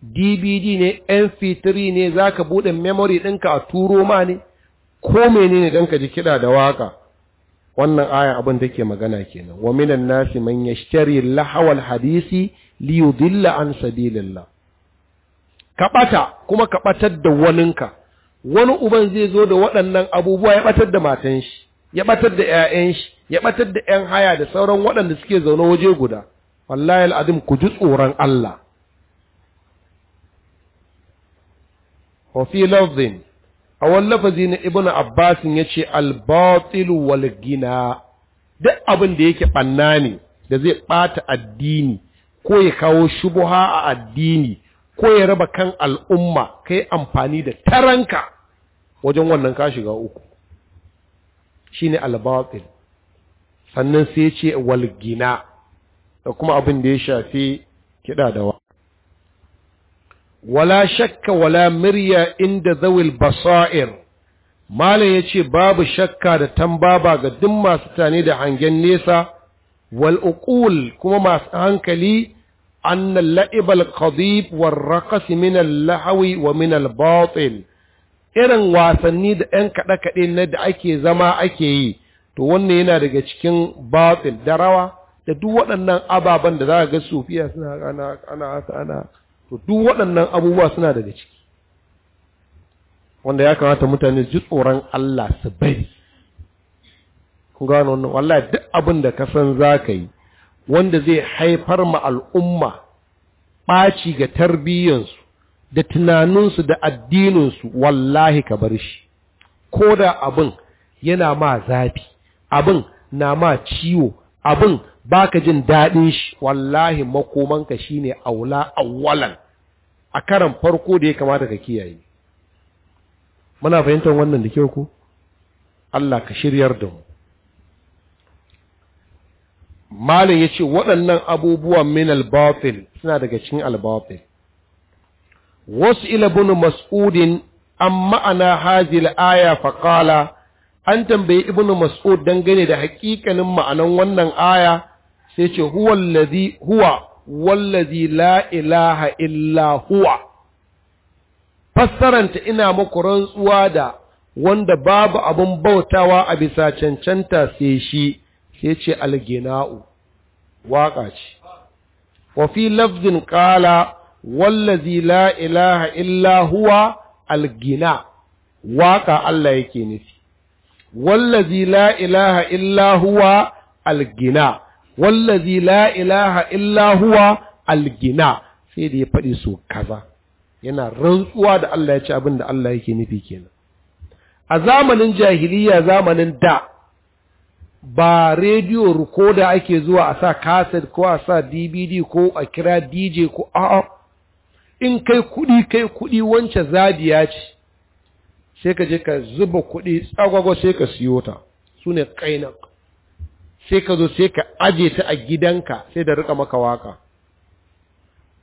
dvd ne mp3 ne za ka buɗe memory ɗinka a turo ma ne ko menene don ka ji kiɗa da waka wannan aya abin da ke magana kenan wa minan nasi man yashtari lahawal hadisi li yudilla an sabilillah ka bata kuma ka batar da waninka wani uban zai zo da waɗannan abubuwa ya batar da matan shi ya ɓatar da 'ya'yanshi, shi ya ɓatar da 'yan haya da sauran waɗanda suke zaune waje guda wallahi al'adim ku ji tsoron Allah wa fi lafzin a wani lafazi na ibnu abbas ya ce al-batil wal gina duk abin da yake ɓanna ne da zai ɓata addini ko ya kawo shubuha a addini ko ya raba kan al'umma kai amfani da taranka wajen wannan ka shiga uku shine al-batil sannan sai ya ce wal gina da kuma abin da ya shafi kiɗa da wa wala shakka wala mirya inda zawil basair malam ya ce babu shakka da tambaba ga duk masu tane da hangen nesa wal kuma masu hankali أن اللعب القضيب والرقص Lahawi, wa minal الباطل irin wasanni da ‘yan kaɗe-kaɗe na da ake zama ake yi, to wannan yana daga cikin batil da rawa, da duk waɗannan ababen da za ka ga sofiya suna ana ana haka ana to duk waɗannan abubuwa suna daga ciki wanda ya kamata mutane ji tsoron Allah su bari kun gano wannan wallahi duk abin da ka san za ka yi wanda zai haifar ma al'umma ɓaci ga tarbiyyansu da tunaninsu da addininsu wallahi ka bar shi ko da abin yana ma zafi abin na ma ciwo abin baka jin daɗin shi wallahi makomanka shi ne aula awwalan a karan farko da ya kamata ka kiyaye muna fahimtar wannan da kyau ku. Allah ka shiryar da mu Malam ya ce waɗannan abubuwan min al suna daga cikin al wasu ila bunu mas'udin an ma'ana hazil aya faƙala an tambayi ibnu mas'ud dangane da hakikanin ma'anan wannan aya sai ce huwa allazi huwa wallazi la ilaha illa huwa fassaranta ina muku rantsuwa da wanda babu abun bautawa a bisa cancanta sai shi sai ce algina'u waƙa ce wa fi lafzin qala wallazi la ilaha illa huwa algina waƙa Allah yake nufi wallazi la ilaha illa huwa algina wallazi la ilaha illa huwa algina sai da ya faɗi so kaza yana rantsuwa da Allah ya ci abin da Allah yake nufi kenan a zamanin jahiliya zamanin da ba rediyo rikoda ake zuwa a sa kaset ko a sa dvd ko a kira dj ko a'a in kai kuɗi kai kuɗi wance zadiya ce sai ka je ka zuba kuɗi tsagwagwa sai ka siyo ta su ne ƙainan. sai ka zo sai ka aje ta a gidanka sai da rika maka waka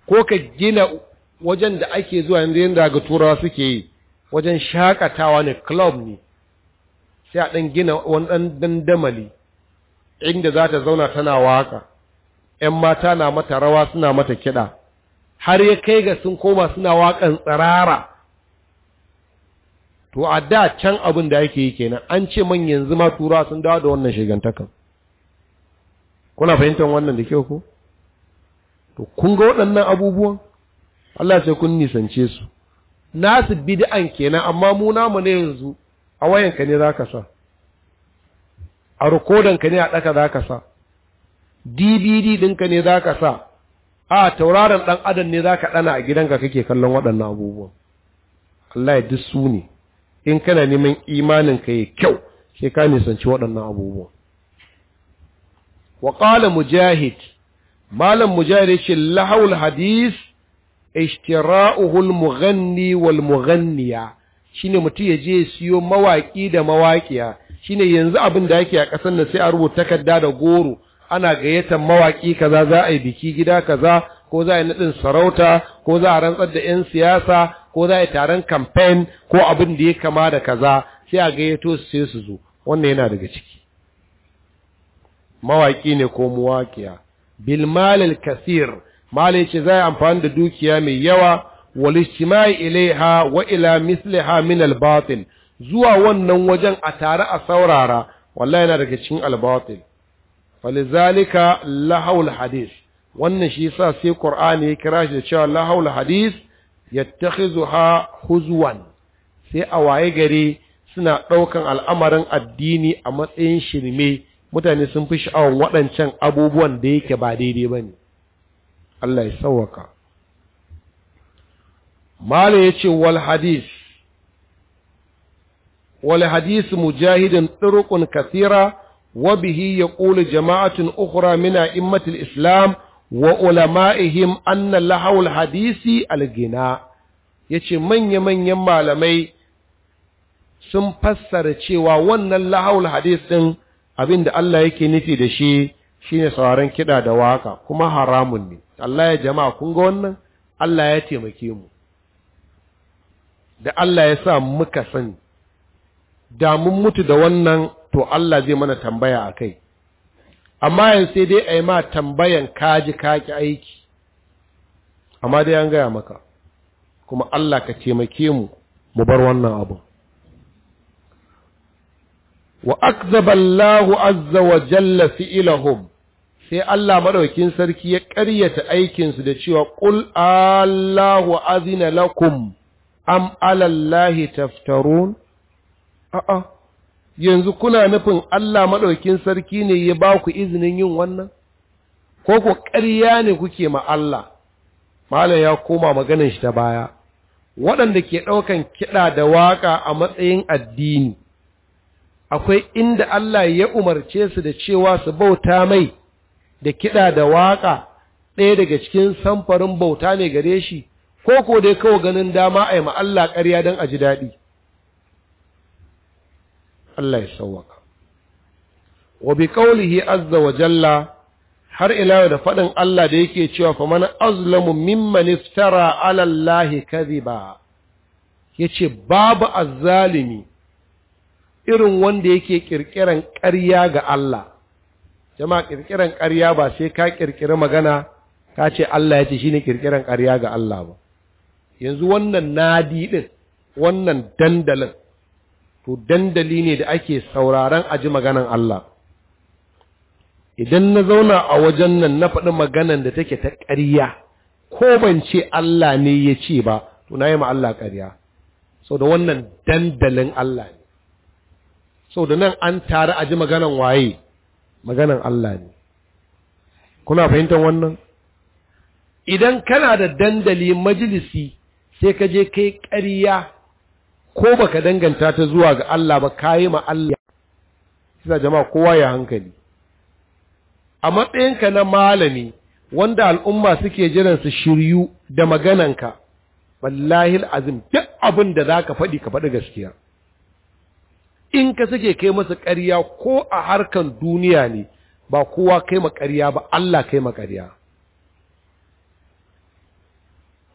ko ka gina wajen da ake zuwa yanzu yadda ga turawa suke yi wajen shakatawa ne club ne sai a ɗan gina wani ɗan dandamali inda za ta zauna tana waka ‘yan mata na mata rawa suna mata kiɗa har ya kai ga sun koma suna waƙan tsirara to a da can abin da yake yi kenan an ce man yanzu ma tura sun dawo da wannan shigantakan kuna fahimtar wannan da kyau ko to kun ga waɗannan abubuwan Allah sai kun nisance su nasu bid'an kenan amma mu namu ne yanzu a wayanka ne zaka sa a ka ne a ɗaka zaka sa DVD ɗinka ne zaka sa a tauraron ɗan adam ne zaka ɗana a gidanka kake kallon waɗannan abubuwan Allah ya duk su ne in kana neman imanin ka kyau sai ka nisanci waɗannan abubuwa waƙala mujahid malam mujahid ya ce lahawul hadis ishtira'uhu al-mughanni wal shine mutum ya je siyo mawaƙi da mawaƙiya Shi ne yanzu abin da yake a ƙasar nan sai a rubuta takarda da goro ana gayyatar mawaƙi kaza za a yi biki gida kaza ko za a yi naɗin sarauta ko za a rantsar da 'yan siyasa ko za a taron campaign ko abin da ya kama da kaza sai a gayyato su sai su zo wannan yana daga ciki mawaki ne ko muwakiya bil malil kasir mali ce za amfani da dukiya mai yawa wal ijtima'i ilaiha wa ila misliha min al batil zuwa wannan wajen a tare a saurara wallahi yana daga cikin al batil falizalika lahawul wannan shi yasa sai qur'ani ya kira shi da cewa lahawul Hadis. yattakhizuha huzwan sai a waye gare suna ɗaukan al'amarin addini a matsayin shirme mutane sun fi sha'awar waɗancan abubuwan da yake ba daidai ba ne Allah ya sauwaka Mala ya ce wal hadis wal hadis mujahidin turuqun kasira wa bihi ya ƙula jama'atin ukura mina islam wa ulama'ihim anna lahawul hadisi algina yace manya-manyan malamai sun fassara cewa wannan lahawul hadis ɗin, abinda Allah yake nufi da shi shine sauraron kiɗa da waka kuma haramun ne Allah ya jama'a kun ga wannan Allah ya taimake mu da Allah ya sa muka sani da mun mutu da wannan to Allah zai mana tambaya akai amma yanzu sai dai a yi ma tambayan kaji kaki aiki amma dai an gaya maka kuma Allah ka taimake mu mu bar wannan abu wa akzaba azza wa jalla fi'ilahum sai Allah madaukin sarki ya ƙaryata aikin su da cewa qul Allahu azina lakum am ala Allahi taftarun a'a yanzu kuna nufin Allah maɗaukin sarki ne ya ba ku izinin yin wannan ko ku ƙarya ne kuke ma Allah malam ya koma maganin shi ta baya waɗanda ke ɗaukan kiɗa da waƙa a matsayin addini akwai inda Allah ya umarce su da cewa su bauta mai da kiɗa da waƙa ɗaya daga cikin samfarin bauta ne gare shi ko ko dai kawai ganin dama a yi ma Allah ƙarya don a ji daɗi Allah ya sauwaka wa bi qawlihi azza wa jalla har ila da faɗin Allah da yake cewa fa man azlamu mimman iftara ala ba. kadhiba yace babu azzalimi irin wanda yake kirkiran ƙarya ga Allah jama'a kirkiran ƙarya ba sai ka kirkiri magana ka ce Allah ya ce shine kirkiran ƙarya ga Allah ba yanzu wannan nadi din wannan dandalin to dandali ne da ake sauraron aji maganan Allah idan na zauna a wajen nan na faɗi maganan da take ta ƙarya ko ban ce Allah ne ya ce ba to na yi ma Allah ƙarya sau da wannan dandalin Allah ne sau da nan an tare aji maganan waye maganan Allah ne kuna fahimtar wannan idan kana da dandali majalisi sai ka je kai ƙarya ko baka danganta ta zuwa ga Allah ba kayi ma Allah sai jama'a kowa ya hankali a matsayinka na malami wanda al'umma suke jiran su shiryu da magananka wallahi azim duk abin da zaka faɗi ka faɗi gaskiya in ka suke kai masa ƙarya ko a harkan duniya ne ba kowa kai ma ƙarya ba Allah kai ma ƙarya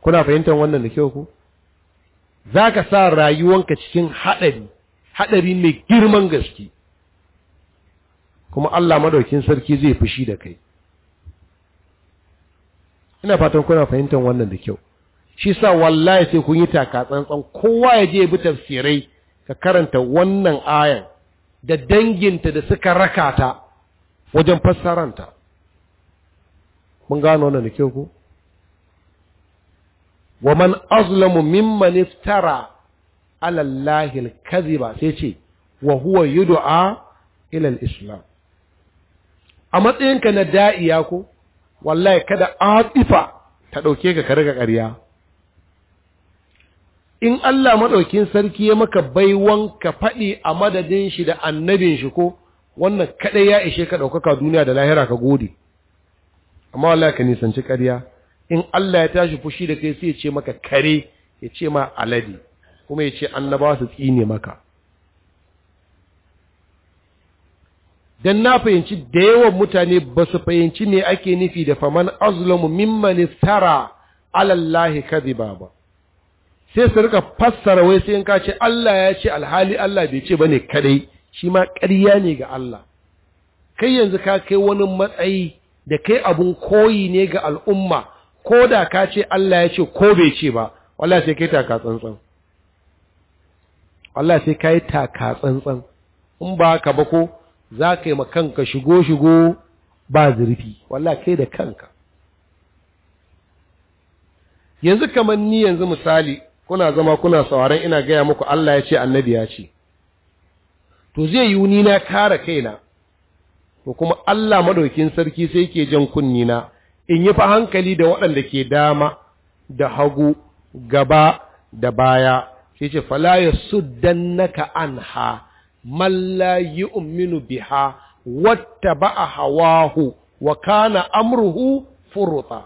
kuna fahimtar wannan da kyau ku za ka sa rayuwanka cikin haɗari haɗari mai girman gaske kuma Allah madaukin sarki zai fushi da kai ina fatan kuna fahimtar wannan da kyau shi sa wallahi sai kun yi taka tsantsan kowa ya je bi tafsirai ka karanta wannan ayan da danginta da suka raka ta wajen fassaranta mun gano wannan da kyau ko wa man azlamu mimman iftara ala Allahi al sai ce wa huwa yud'a ila islam a matsayinka na da'iya ko wallahi kada atifa ta dauke ka ka riga ƙarya in Allah maɗaukin sarki ya maka baiwan ka faɗi a madadin shi da annabin shi ko wannan kaɗai ya ishe ka ɗaukaka duniya da lahira ka gode amma wallahi ka nisanci ƙarya in Allah ya tashi fushi da kai sai ya ce maka kare ya ce ma alade kuma ya ce annabawa su tsine maka dan na fahimci da yawan mutane ba su fahimci me ake nufi da faman azlamu mimman iftara ala Allah kadhiba ba sai su rika fassara wai sai in ka ce Allah ya ce alhali Allah bai ce bane kadai shi ma ƙarya ne ga Allah kai yanzu ka kai wani matsayi da kai abun koyi ne ga al'umma ko da ka ce Allah ya ce ko bai ce ba Allah sai kai taka tsantsan Allah sai yi taka tsantsan in ba ka ba za ka yi ma kanka shigo shigo ba zurfi Allah kai da kanka yanzu kamar ni yanzu misali kuna zama kuna sauraron ina gaya muku Allah ya ce annabi ya ce to zai yi wuni na kare kaina to kuma Allah madaukin sarki sai ke jan kunni na in yi fa hankali da waɗanda ke dama da hagu gaba da baya shi ce fala ya suddannaka anha ha la umminu biha hawa hawahu wa kana amruhu furuta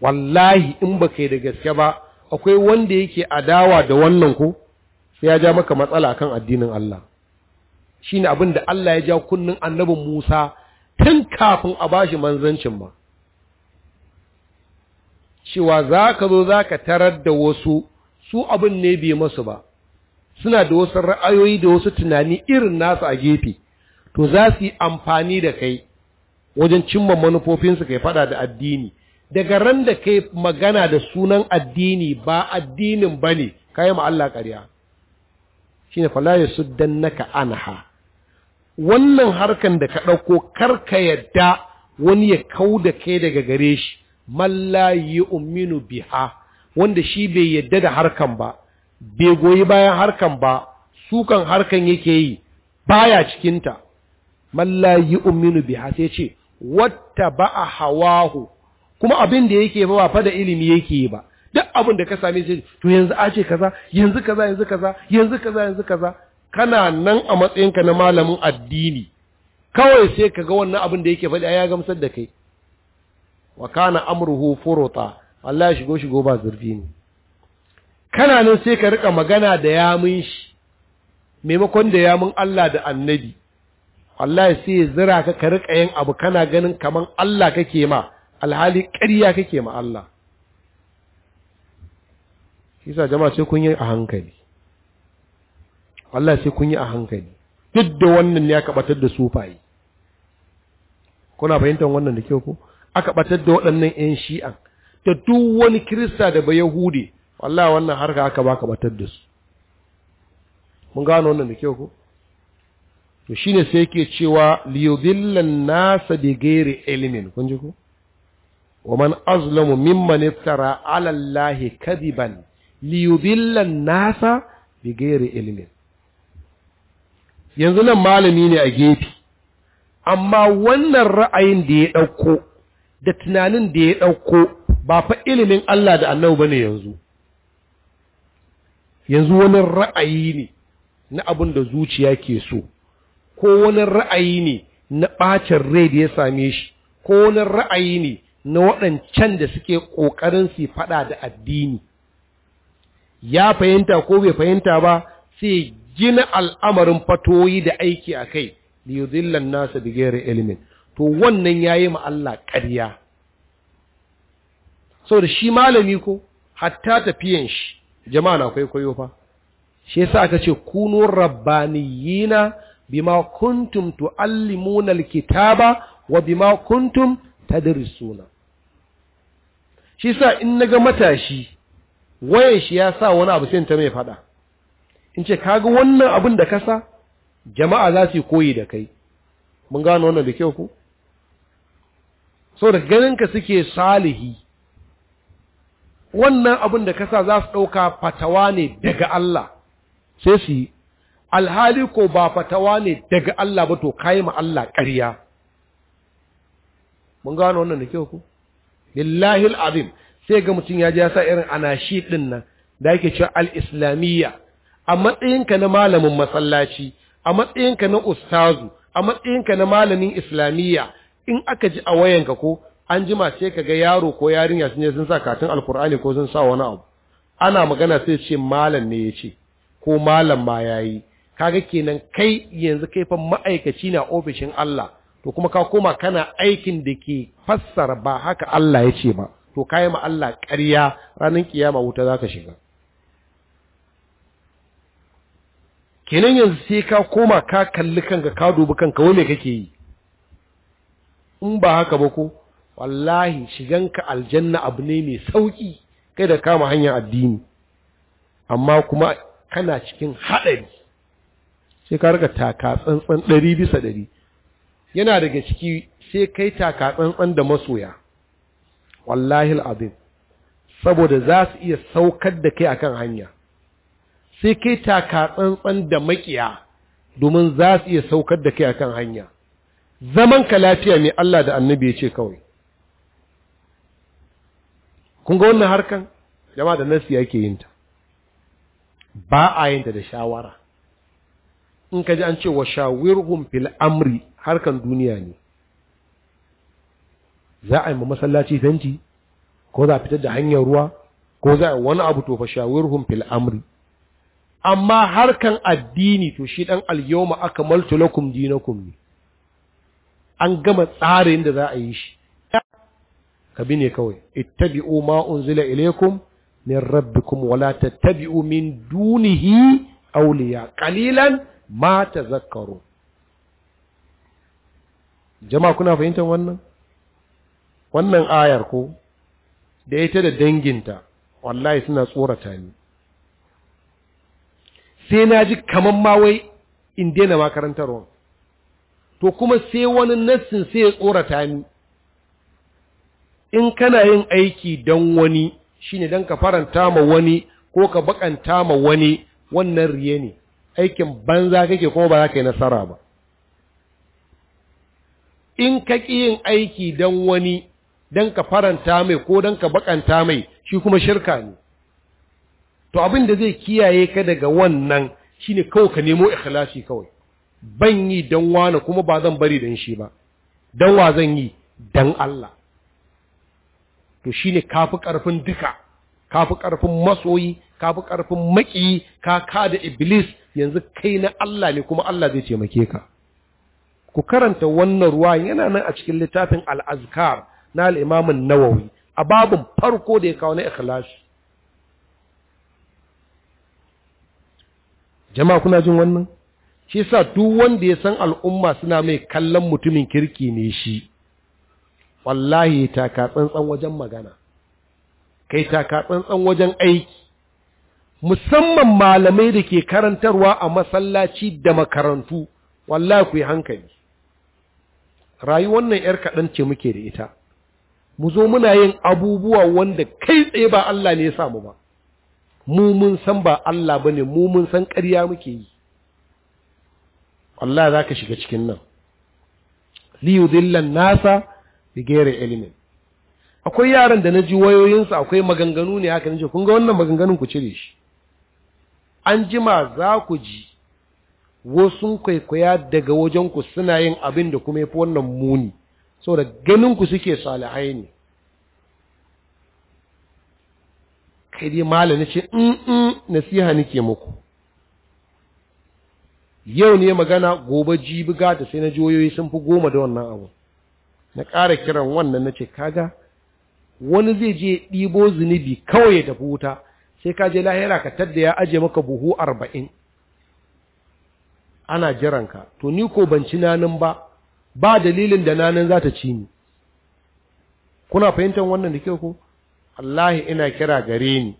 wallahi in baka yi da gaske ba akwai wanda yake adawa da wannan ku? sai ya ja maka matsala kan addinin Allah shine abin da Allah ya ja kunnin annabin Musa tun kafin a bashi manzancin ba cewa za ka zo za ka tarar da wasu su abin ne bai masu ba suna da wasu ra'ayoyi da wasu tunani irin nasu a gefe to za su yi amfani da kai wajen cimma manufofinsu kai fada da addini daga ran da kai magana da sunan addini ba addinin ba ne kayan Allah ƙarya shi ne fala Dan naka anha wannan harkan da ka ɗauko karka yadda wani ya kau da kai daga gare shi yi umminu biha wanda shi bai yadda da harkan ba bai goyi bayan harkan ba sukan harkan yake yi baya cikinta yi umminu biha sai ce wata hawa hawahu kuma abin da yake ba fa da ilimi yake yi ba duk abin da ka same shi to yanzu a ce kaza yanzu kaza yanzu kaza yanzu kaza yanzu kaza kana nan a matsayinka na malamin addini kawai sai ka ga wannan abin da yake faɗi ya gamsar da kai wa kana amruhu furuta Allah ya shigo shigo ba zurfi ne kana nan sai ka rika magana da yamin shi maimakon da yamin Allah da annabi Allah sai zira ka ka rika yin abu kana ganin kaman Allah kake ma alhali ƙarya kake ma Allah Kisa jama'a sai kun yi a hankali Allah sai kun yi a hankali duk da wannan ne aka batar da sufaye kuna fahimtar wannan da kyau ko aka batar da waɗannan ƴan Shi'a. da duk wani kirista da bai yahudi wallahi wannan harka aka baka batar da su mun gano wannan da kyau ko to shine sai yake cewa liyudillan nasa bi ghairi ilmin kun ji ko azlamu min iftara alallahi على kadiban كذبا nasa bi ghairi ilmin yanzu nan malami ne a gefe amma wannan ra'ayin da ya ɗauko da tunanin da ya ɗauko ba fa ilimin Allah da annabi bane yanzu yanzu wani ra'ayi ne na abin da zuciya ke so ko wani ra'ayi ne na ɓacin rai da ya same shi ko wani ra'ayi ne na waɗancan da suke ƙoƙarin su faɗa da addini ya fahimta ko bai fahimta ba sai gina al'amarin fatoyi da aiki a kai yi zillan nasa da gere ilmin to wannan yayi ma Allah ƙarya da shi malami ko hatta tafiyan shi jama'a na kwaikwayo fa shi yasa aka ce kunu rabbaniyina bima kuntum tuallimuna alkitaba wa bima kuntum tadrisuna shi yasa in naga matashi wayan shi ya sa wani abu sai ta mai fada in ce kaga wannan abin da kasa jama'a za su koyi da kai mun gano wannan da kyau ku saboda da ganinka suke salihi wannan abin da kasa za su ɗauka fatawa ne daga Allah sai su alhali ko ba fatawa ne daga Allah ba to kayi ma Allah ƙarya mun gano wannan da kyau ku lillahi al'azim sai ga mutum ya ji ya sa irin ana shi ɗin nan da yake cewa al-islamiyya a matsayinka na malamin masallaci a matsayinka na ustazu a matsayinka na malamin islamiyya in aka ji a wayanka ko an jima sai ka ga yaro ko yarinya sun je sun sa katin alkur'ani ko sun sa wani abu ana magana sai ce malam ne yace ko malam ma yayi kaga kenan kai yanzu kai fa ma'aikaci na ofishin Allah to kuma ka koma kana aikin da ke fassara ba haka Allah ya ce ba to kai ma Allah ƙarya ranar kiyama wuta zaka shiga kenan yanzu sai ka koma ka kalli kanka ka dubi kanka wai me kake yi in ba haka ba ko wallahi shiganka aljanna abu ne mai sauki kai da kama hanyar addini amma kuma kana cikin haɗari sai ka rika taka tsantsan ɗari bisa ɗari yana daga ciki sai kai taka tsantsan da masoya wallahi Al'adun. saboda za su iya saukar da kai akan hanya sai kai taka tsantsan da makiya domin za su iya saukar da kai akan hanya zaman ka lafiya mai Allah da annabi ya ce kawai kun ga wannan harkan jama'a da siya yake yin ta ba a yin ta da shawara in ka ji an ce wa shawirhum fil amri harkan duniya ne za a yi ma masallaci fenti ko za a fitar da hanyar ruwa ko za a wani abu to fa shawirhum fil amri amma harkan addini to shi ɗan alyoma aka maltu lakum dinakum ne an gama tsarin da za a yi shi ka bi ne kawai ittabi'u ma unzila ilaykum min rabbikum wala tattabi'u min dunihi awliya qalilan ma tazakkaru jama'a kuna fahimtar wannan wannan ayar ko da ita da danginta wallahi suna tsorata ni sai na ji kaman ma wai in daina makarantarwa to kuma sai wani nassin sai ya tsorata ni in kana yin aiki don wani shine don ka faranta ma wani ko ka bakanta ma wani wannan riye ne aikin banza kake kuma ba za ka yi nasara ba in ka ƙi yin aiki don wani don ka faranta mai ko don ka bakanta mai shi kuma shirka ne to abin da zai kiyaye ka daga wannan shine kawai ka nemo ikhlasi kawai ban yi dan wani kuma ba zan bari dan shi ba dan wa zan yi dan Allah to shine kafi karfin duka kafi karfin masoyi kafi karfin maki ka ka da iblis yanzu kai na Allah ne kuma Allah zai taimake ka ku karanta wannan ruwa yana nan a cikin littafin al-azkar na al-imam nawawi a babin farko da ya kawo na ikhlasi jama'a kuna jin wannan shi yasa duk wanda ya san al'umma suna mai kallon mutumin kirki ne shi wallahi taka tsantsan wajen magana kai taka tsantsan wajen aiki musamman malamai da ke karantarwa a masallaci da makarantu wallahi ku yi hankali rayuwar nan yar kaɗan ce muke da ita mu zo muna yin abubuwa wanda kai tsaye ba Allah ne ya sa mu ba mu mun san ba Allah bane mu mun san ƙarya muke yi Allah za ka shiga cikin nan liyudillan nasa da gera ilimin akwai yaran da na ji wayoyinsu akwai maganganu ne haka nace kun ga wannan maganganun ku cire shi an jima za ku ji wasu kwaikwaya daga wajen ku suna yin abin da kuma yafi wannan muni saboda ganin ku suke salihai ne kai dai malami ce in nasiha nake muku yau ne magana gobe jibi ta sai na joyoyi sun fi goma da wannan abu na ƙara kiran wannan na ce kaga wani zai je ɗibo zunubi kawai ya tafi wuta sai ka je lahira ka tadda ya aje maka buhu arba'in ana jiranka to ni ko ban ci nanin ba ba dalilin da nanin za ta ci ni kuna fahimtar wannan da kyau ko wallahi ina kira gare ni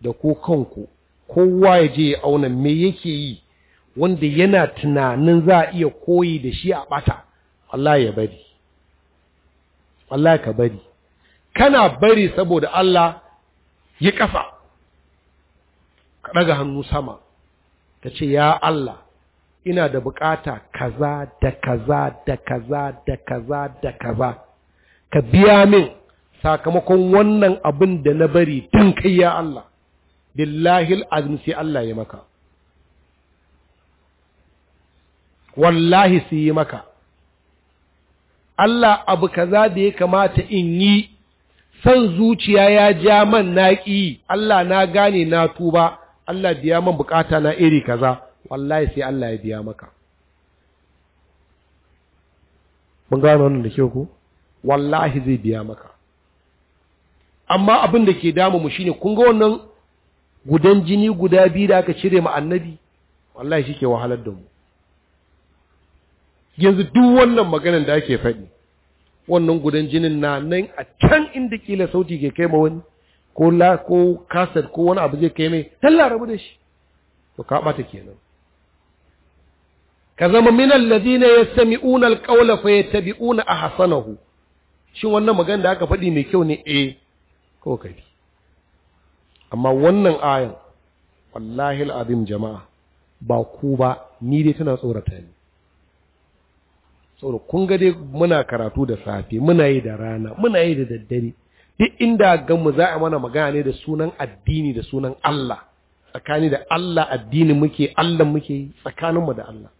da ku kanku kowa ya je ya auna me yake yi wanda yana tunanin za a iya koyi da shi a bata wallahi ya bari wallahi ka bari kana bari saboda Allah ya kafa ka daga hannu sama ka ce ya Allah ina da bukata kaza da kaza da kaza da kaza da kaza ka biya min sakamakon wannan abin da na bari tun kai ya Allah billahi al’azim sai Allah ya maka wallahi sai yi maka Allah abu kaza da ya kamata in yi san zuciya ya ja man na ƙi Allah na gane na tuba Allah biya man bukata na iri kaza wallahi sai Allah ya biya maka mun gano wannan da kyau ko wallahi zai biya maka amma abin da ke damu mu shine kun ga wannan gudan jini guda biyu da aka cire mu annabi wallahi shi ke wahalar da mu yanzu duk wannan maganan da ake faɗi wannan gudan jinin na nan a can inda kila sauti ke kai ma wani ko la ko kasar ko wani abu zai kai mai talla rabu da shi to ka bata kenan ka zama min alladhina yastami'una alqawla fayattabi'una ahsanahu shin wannan magana da aka faɗi mai kyau ne eh Ko kai, amma wannan ayan wallahi al'azim jama'a ba ku ba ni dai tana tsorata ni saboda kun ga dai muna karatu da safe muna yi da rana muna yi da daddare duk inda mu za a mana magana ne da sunan addini da sunan Allah tsakani da Allah addini muke Allah muke yi mu da Allah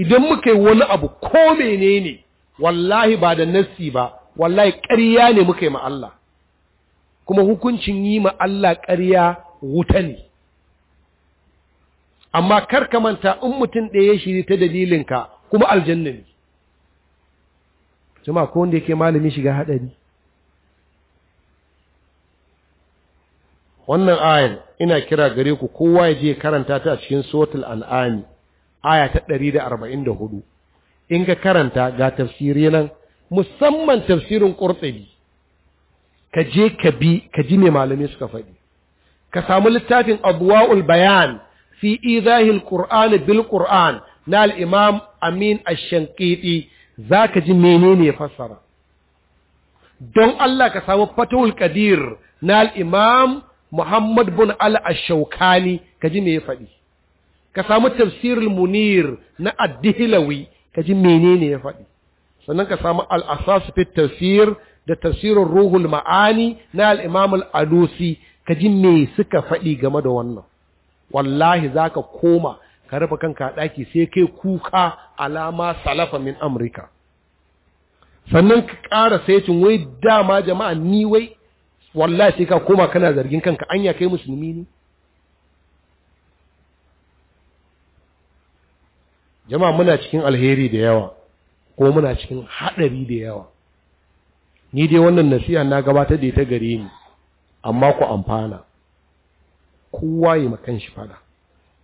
idan muka wani abu ko menene wallahi ba da nassi ba wallahi ƙarya ne muka yi ma Allah kuma hukuncin yi ma Allah ƙarya wuta ne amma kar ka manta in mutum ɗaya ya shiri ta dalilinka kuma aljanna ne Tuma ko wanda yake malami shiga haɗari wannan ayan ina kira gare ku kowa ya je karanta ta a cikin sotul an'ami aya ta ɗari da da arba'in hudu, in ka karanta ga tafsiri nan musamman tafsirin ƙurɗabi ka je ka bi ka ji mai malamai suka faɗi ka samu littafin abuwa'ul bayan fi izahil qur'ani bil qur'an na al-imam amin ash zaka ji menene ya fassara don Allah ka samu fatul qadir na al-imam muhammad bin al ashaukani ka ji me ya faɗi ka samu tafsirul munir na ad-dihlawi ka ji menene ya faɗi sannan ka samu al-asas fi tafsir da tafsirin ruhul ma'ani na al’imamul alusi ka ji me suka faɗi game da wannan wallahi za ka koma ka rufe kanka ɗaki sai kai kuka alama salafa min Amurka. sannan ka ƙara saicin wai dama jama'a ni wai wallahi sai ka koma kana zargin kanka anya kai musulmi ne jama'a muna cikin alheri da yawa ko muna cikin haɗari da yawa ni dai wannan nasiha na gabatar da ita gare ni amma ku amfana kowa yi makan shi fada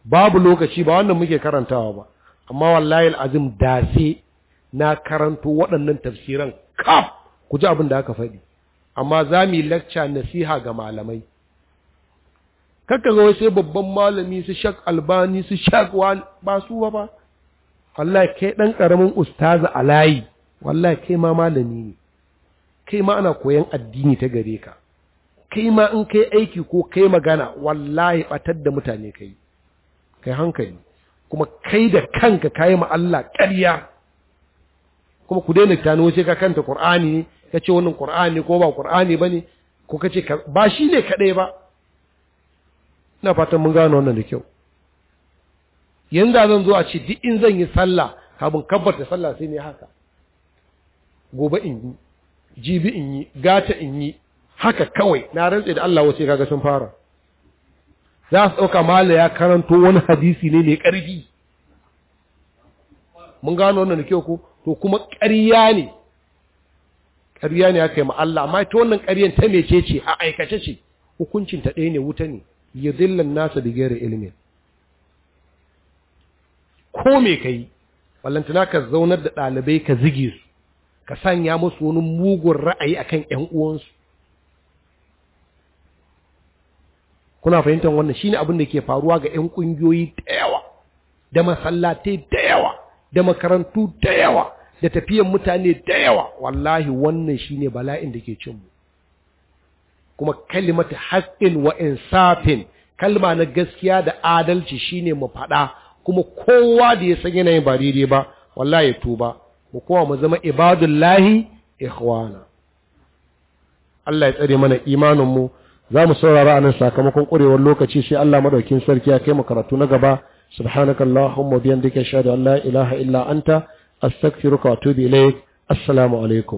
babu lokaci ba wannan muke karantawa ba amma wallahi azim sai na karanto waɗannan tafsiran kaf ku ji abin da aka faɗi amma za mu yi lacca nasiha ga malamai kakka zo sai babban malami su shak albani su shak ba su ba ba wallahi kai ɗan ƙaramin ustaza a layi wallahi kai ma malami ne kai ma ana koyan addini ta gare ka kai ma in kai aiki ko kai magana wallahi batar da mutane kai kai hankali kuma kai da kanka kayi ma Allah ƙarya kuma ku daina tano sai ka kanta Qur'ani ne ka ce wannan Qur'ani ko ba Qur'ani bane ko ka ce ba shi ne kaɗai ba ina fatan mun gano wannan da kyau Yanda zan zo a ce duk in zan yi sallah kafin kabbar da sallah sai ne haka gobe in yi jibi in yi gata in yi haka kawai na rantse da Allah wace kaga sun fara za su ɗauka mala ya karanto wani hadisi ne mai ƙarfi mun gano wannan kyau ko to kuma ƙarya ne ƙarya ne aka yi ma Allah amma ita wannan ƙaryan ta mece ce a aikace ce hukuncin ta ɗaya ne wuta ne yadillan nasa da ilmin. ilimin ko me ka yi ballantana ka zaunar da ɗalibai ka zige su ka sanya musu wani mugun ra'ayi akan ƴan uwansu kuna fahimtar wannan shine abin da ke faruwa ga yan ƙungiyoyi da yawa da masallatai da yawa da makarantu da yawa da tafiyan mutane da yawa wallahi wannan shine bala'in da ke cin mu kuma kalimata haƙƙin wa insafin kalma na gaskiya da adalci shine mu faɗa kuma kowa da ya san yanayin ba daidai ba wallahi ya tuba mu kowa mu zama ibadullahi ikhwana Allah ya tsare mana imanin mu za mu saurara anan sakamakon kurewar lokaci sai Allah madaukin sarki ya kai mu karatu na gaba subhanaka allahumma bihamdika ashhadu an la ilaha illa anta astaghfiruka wa atubu ilaik assalamu alaikum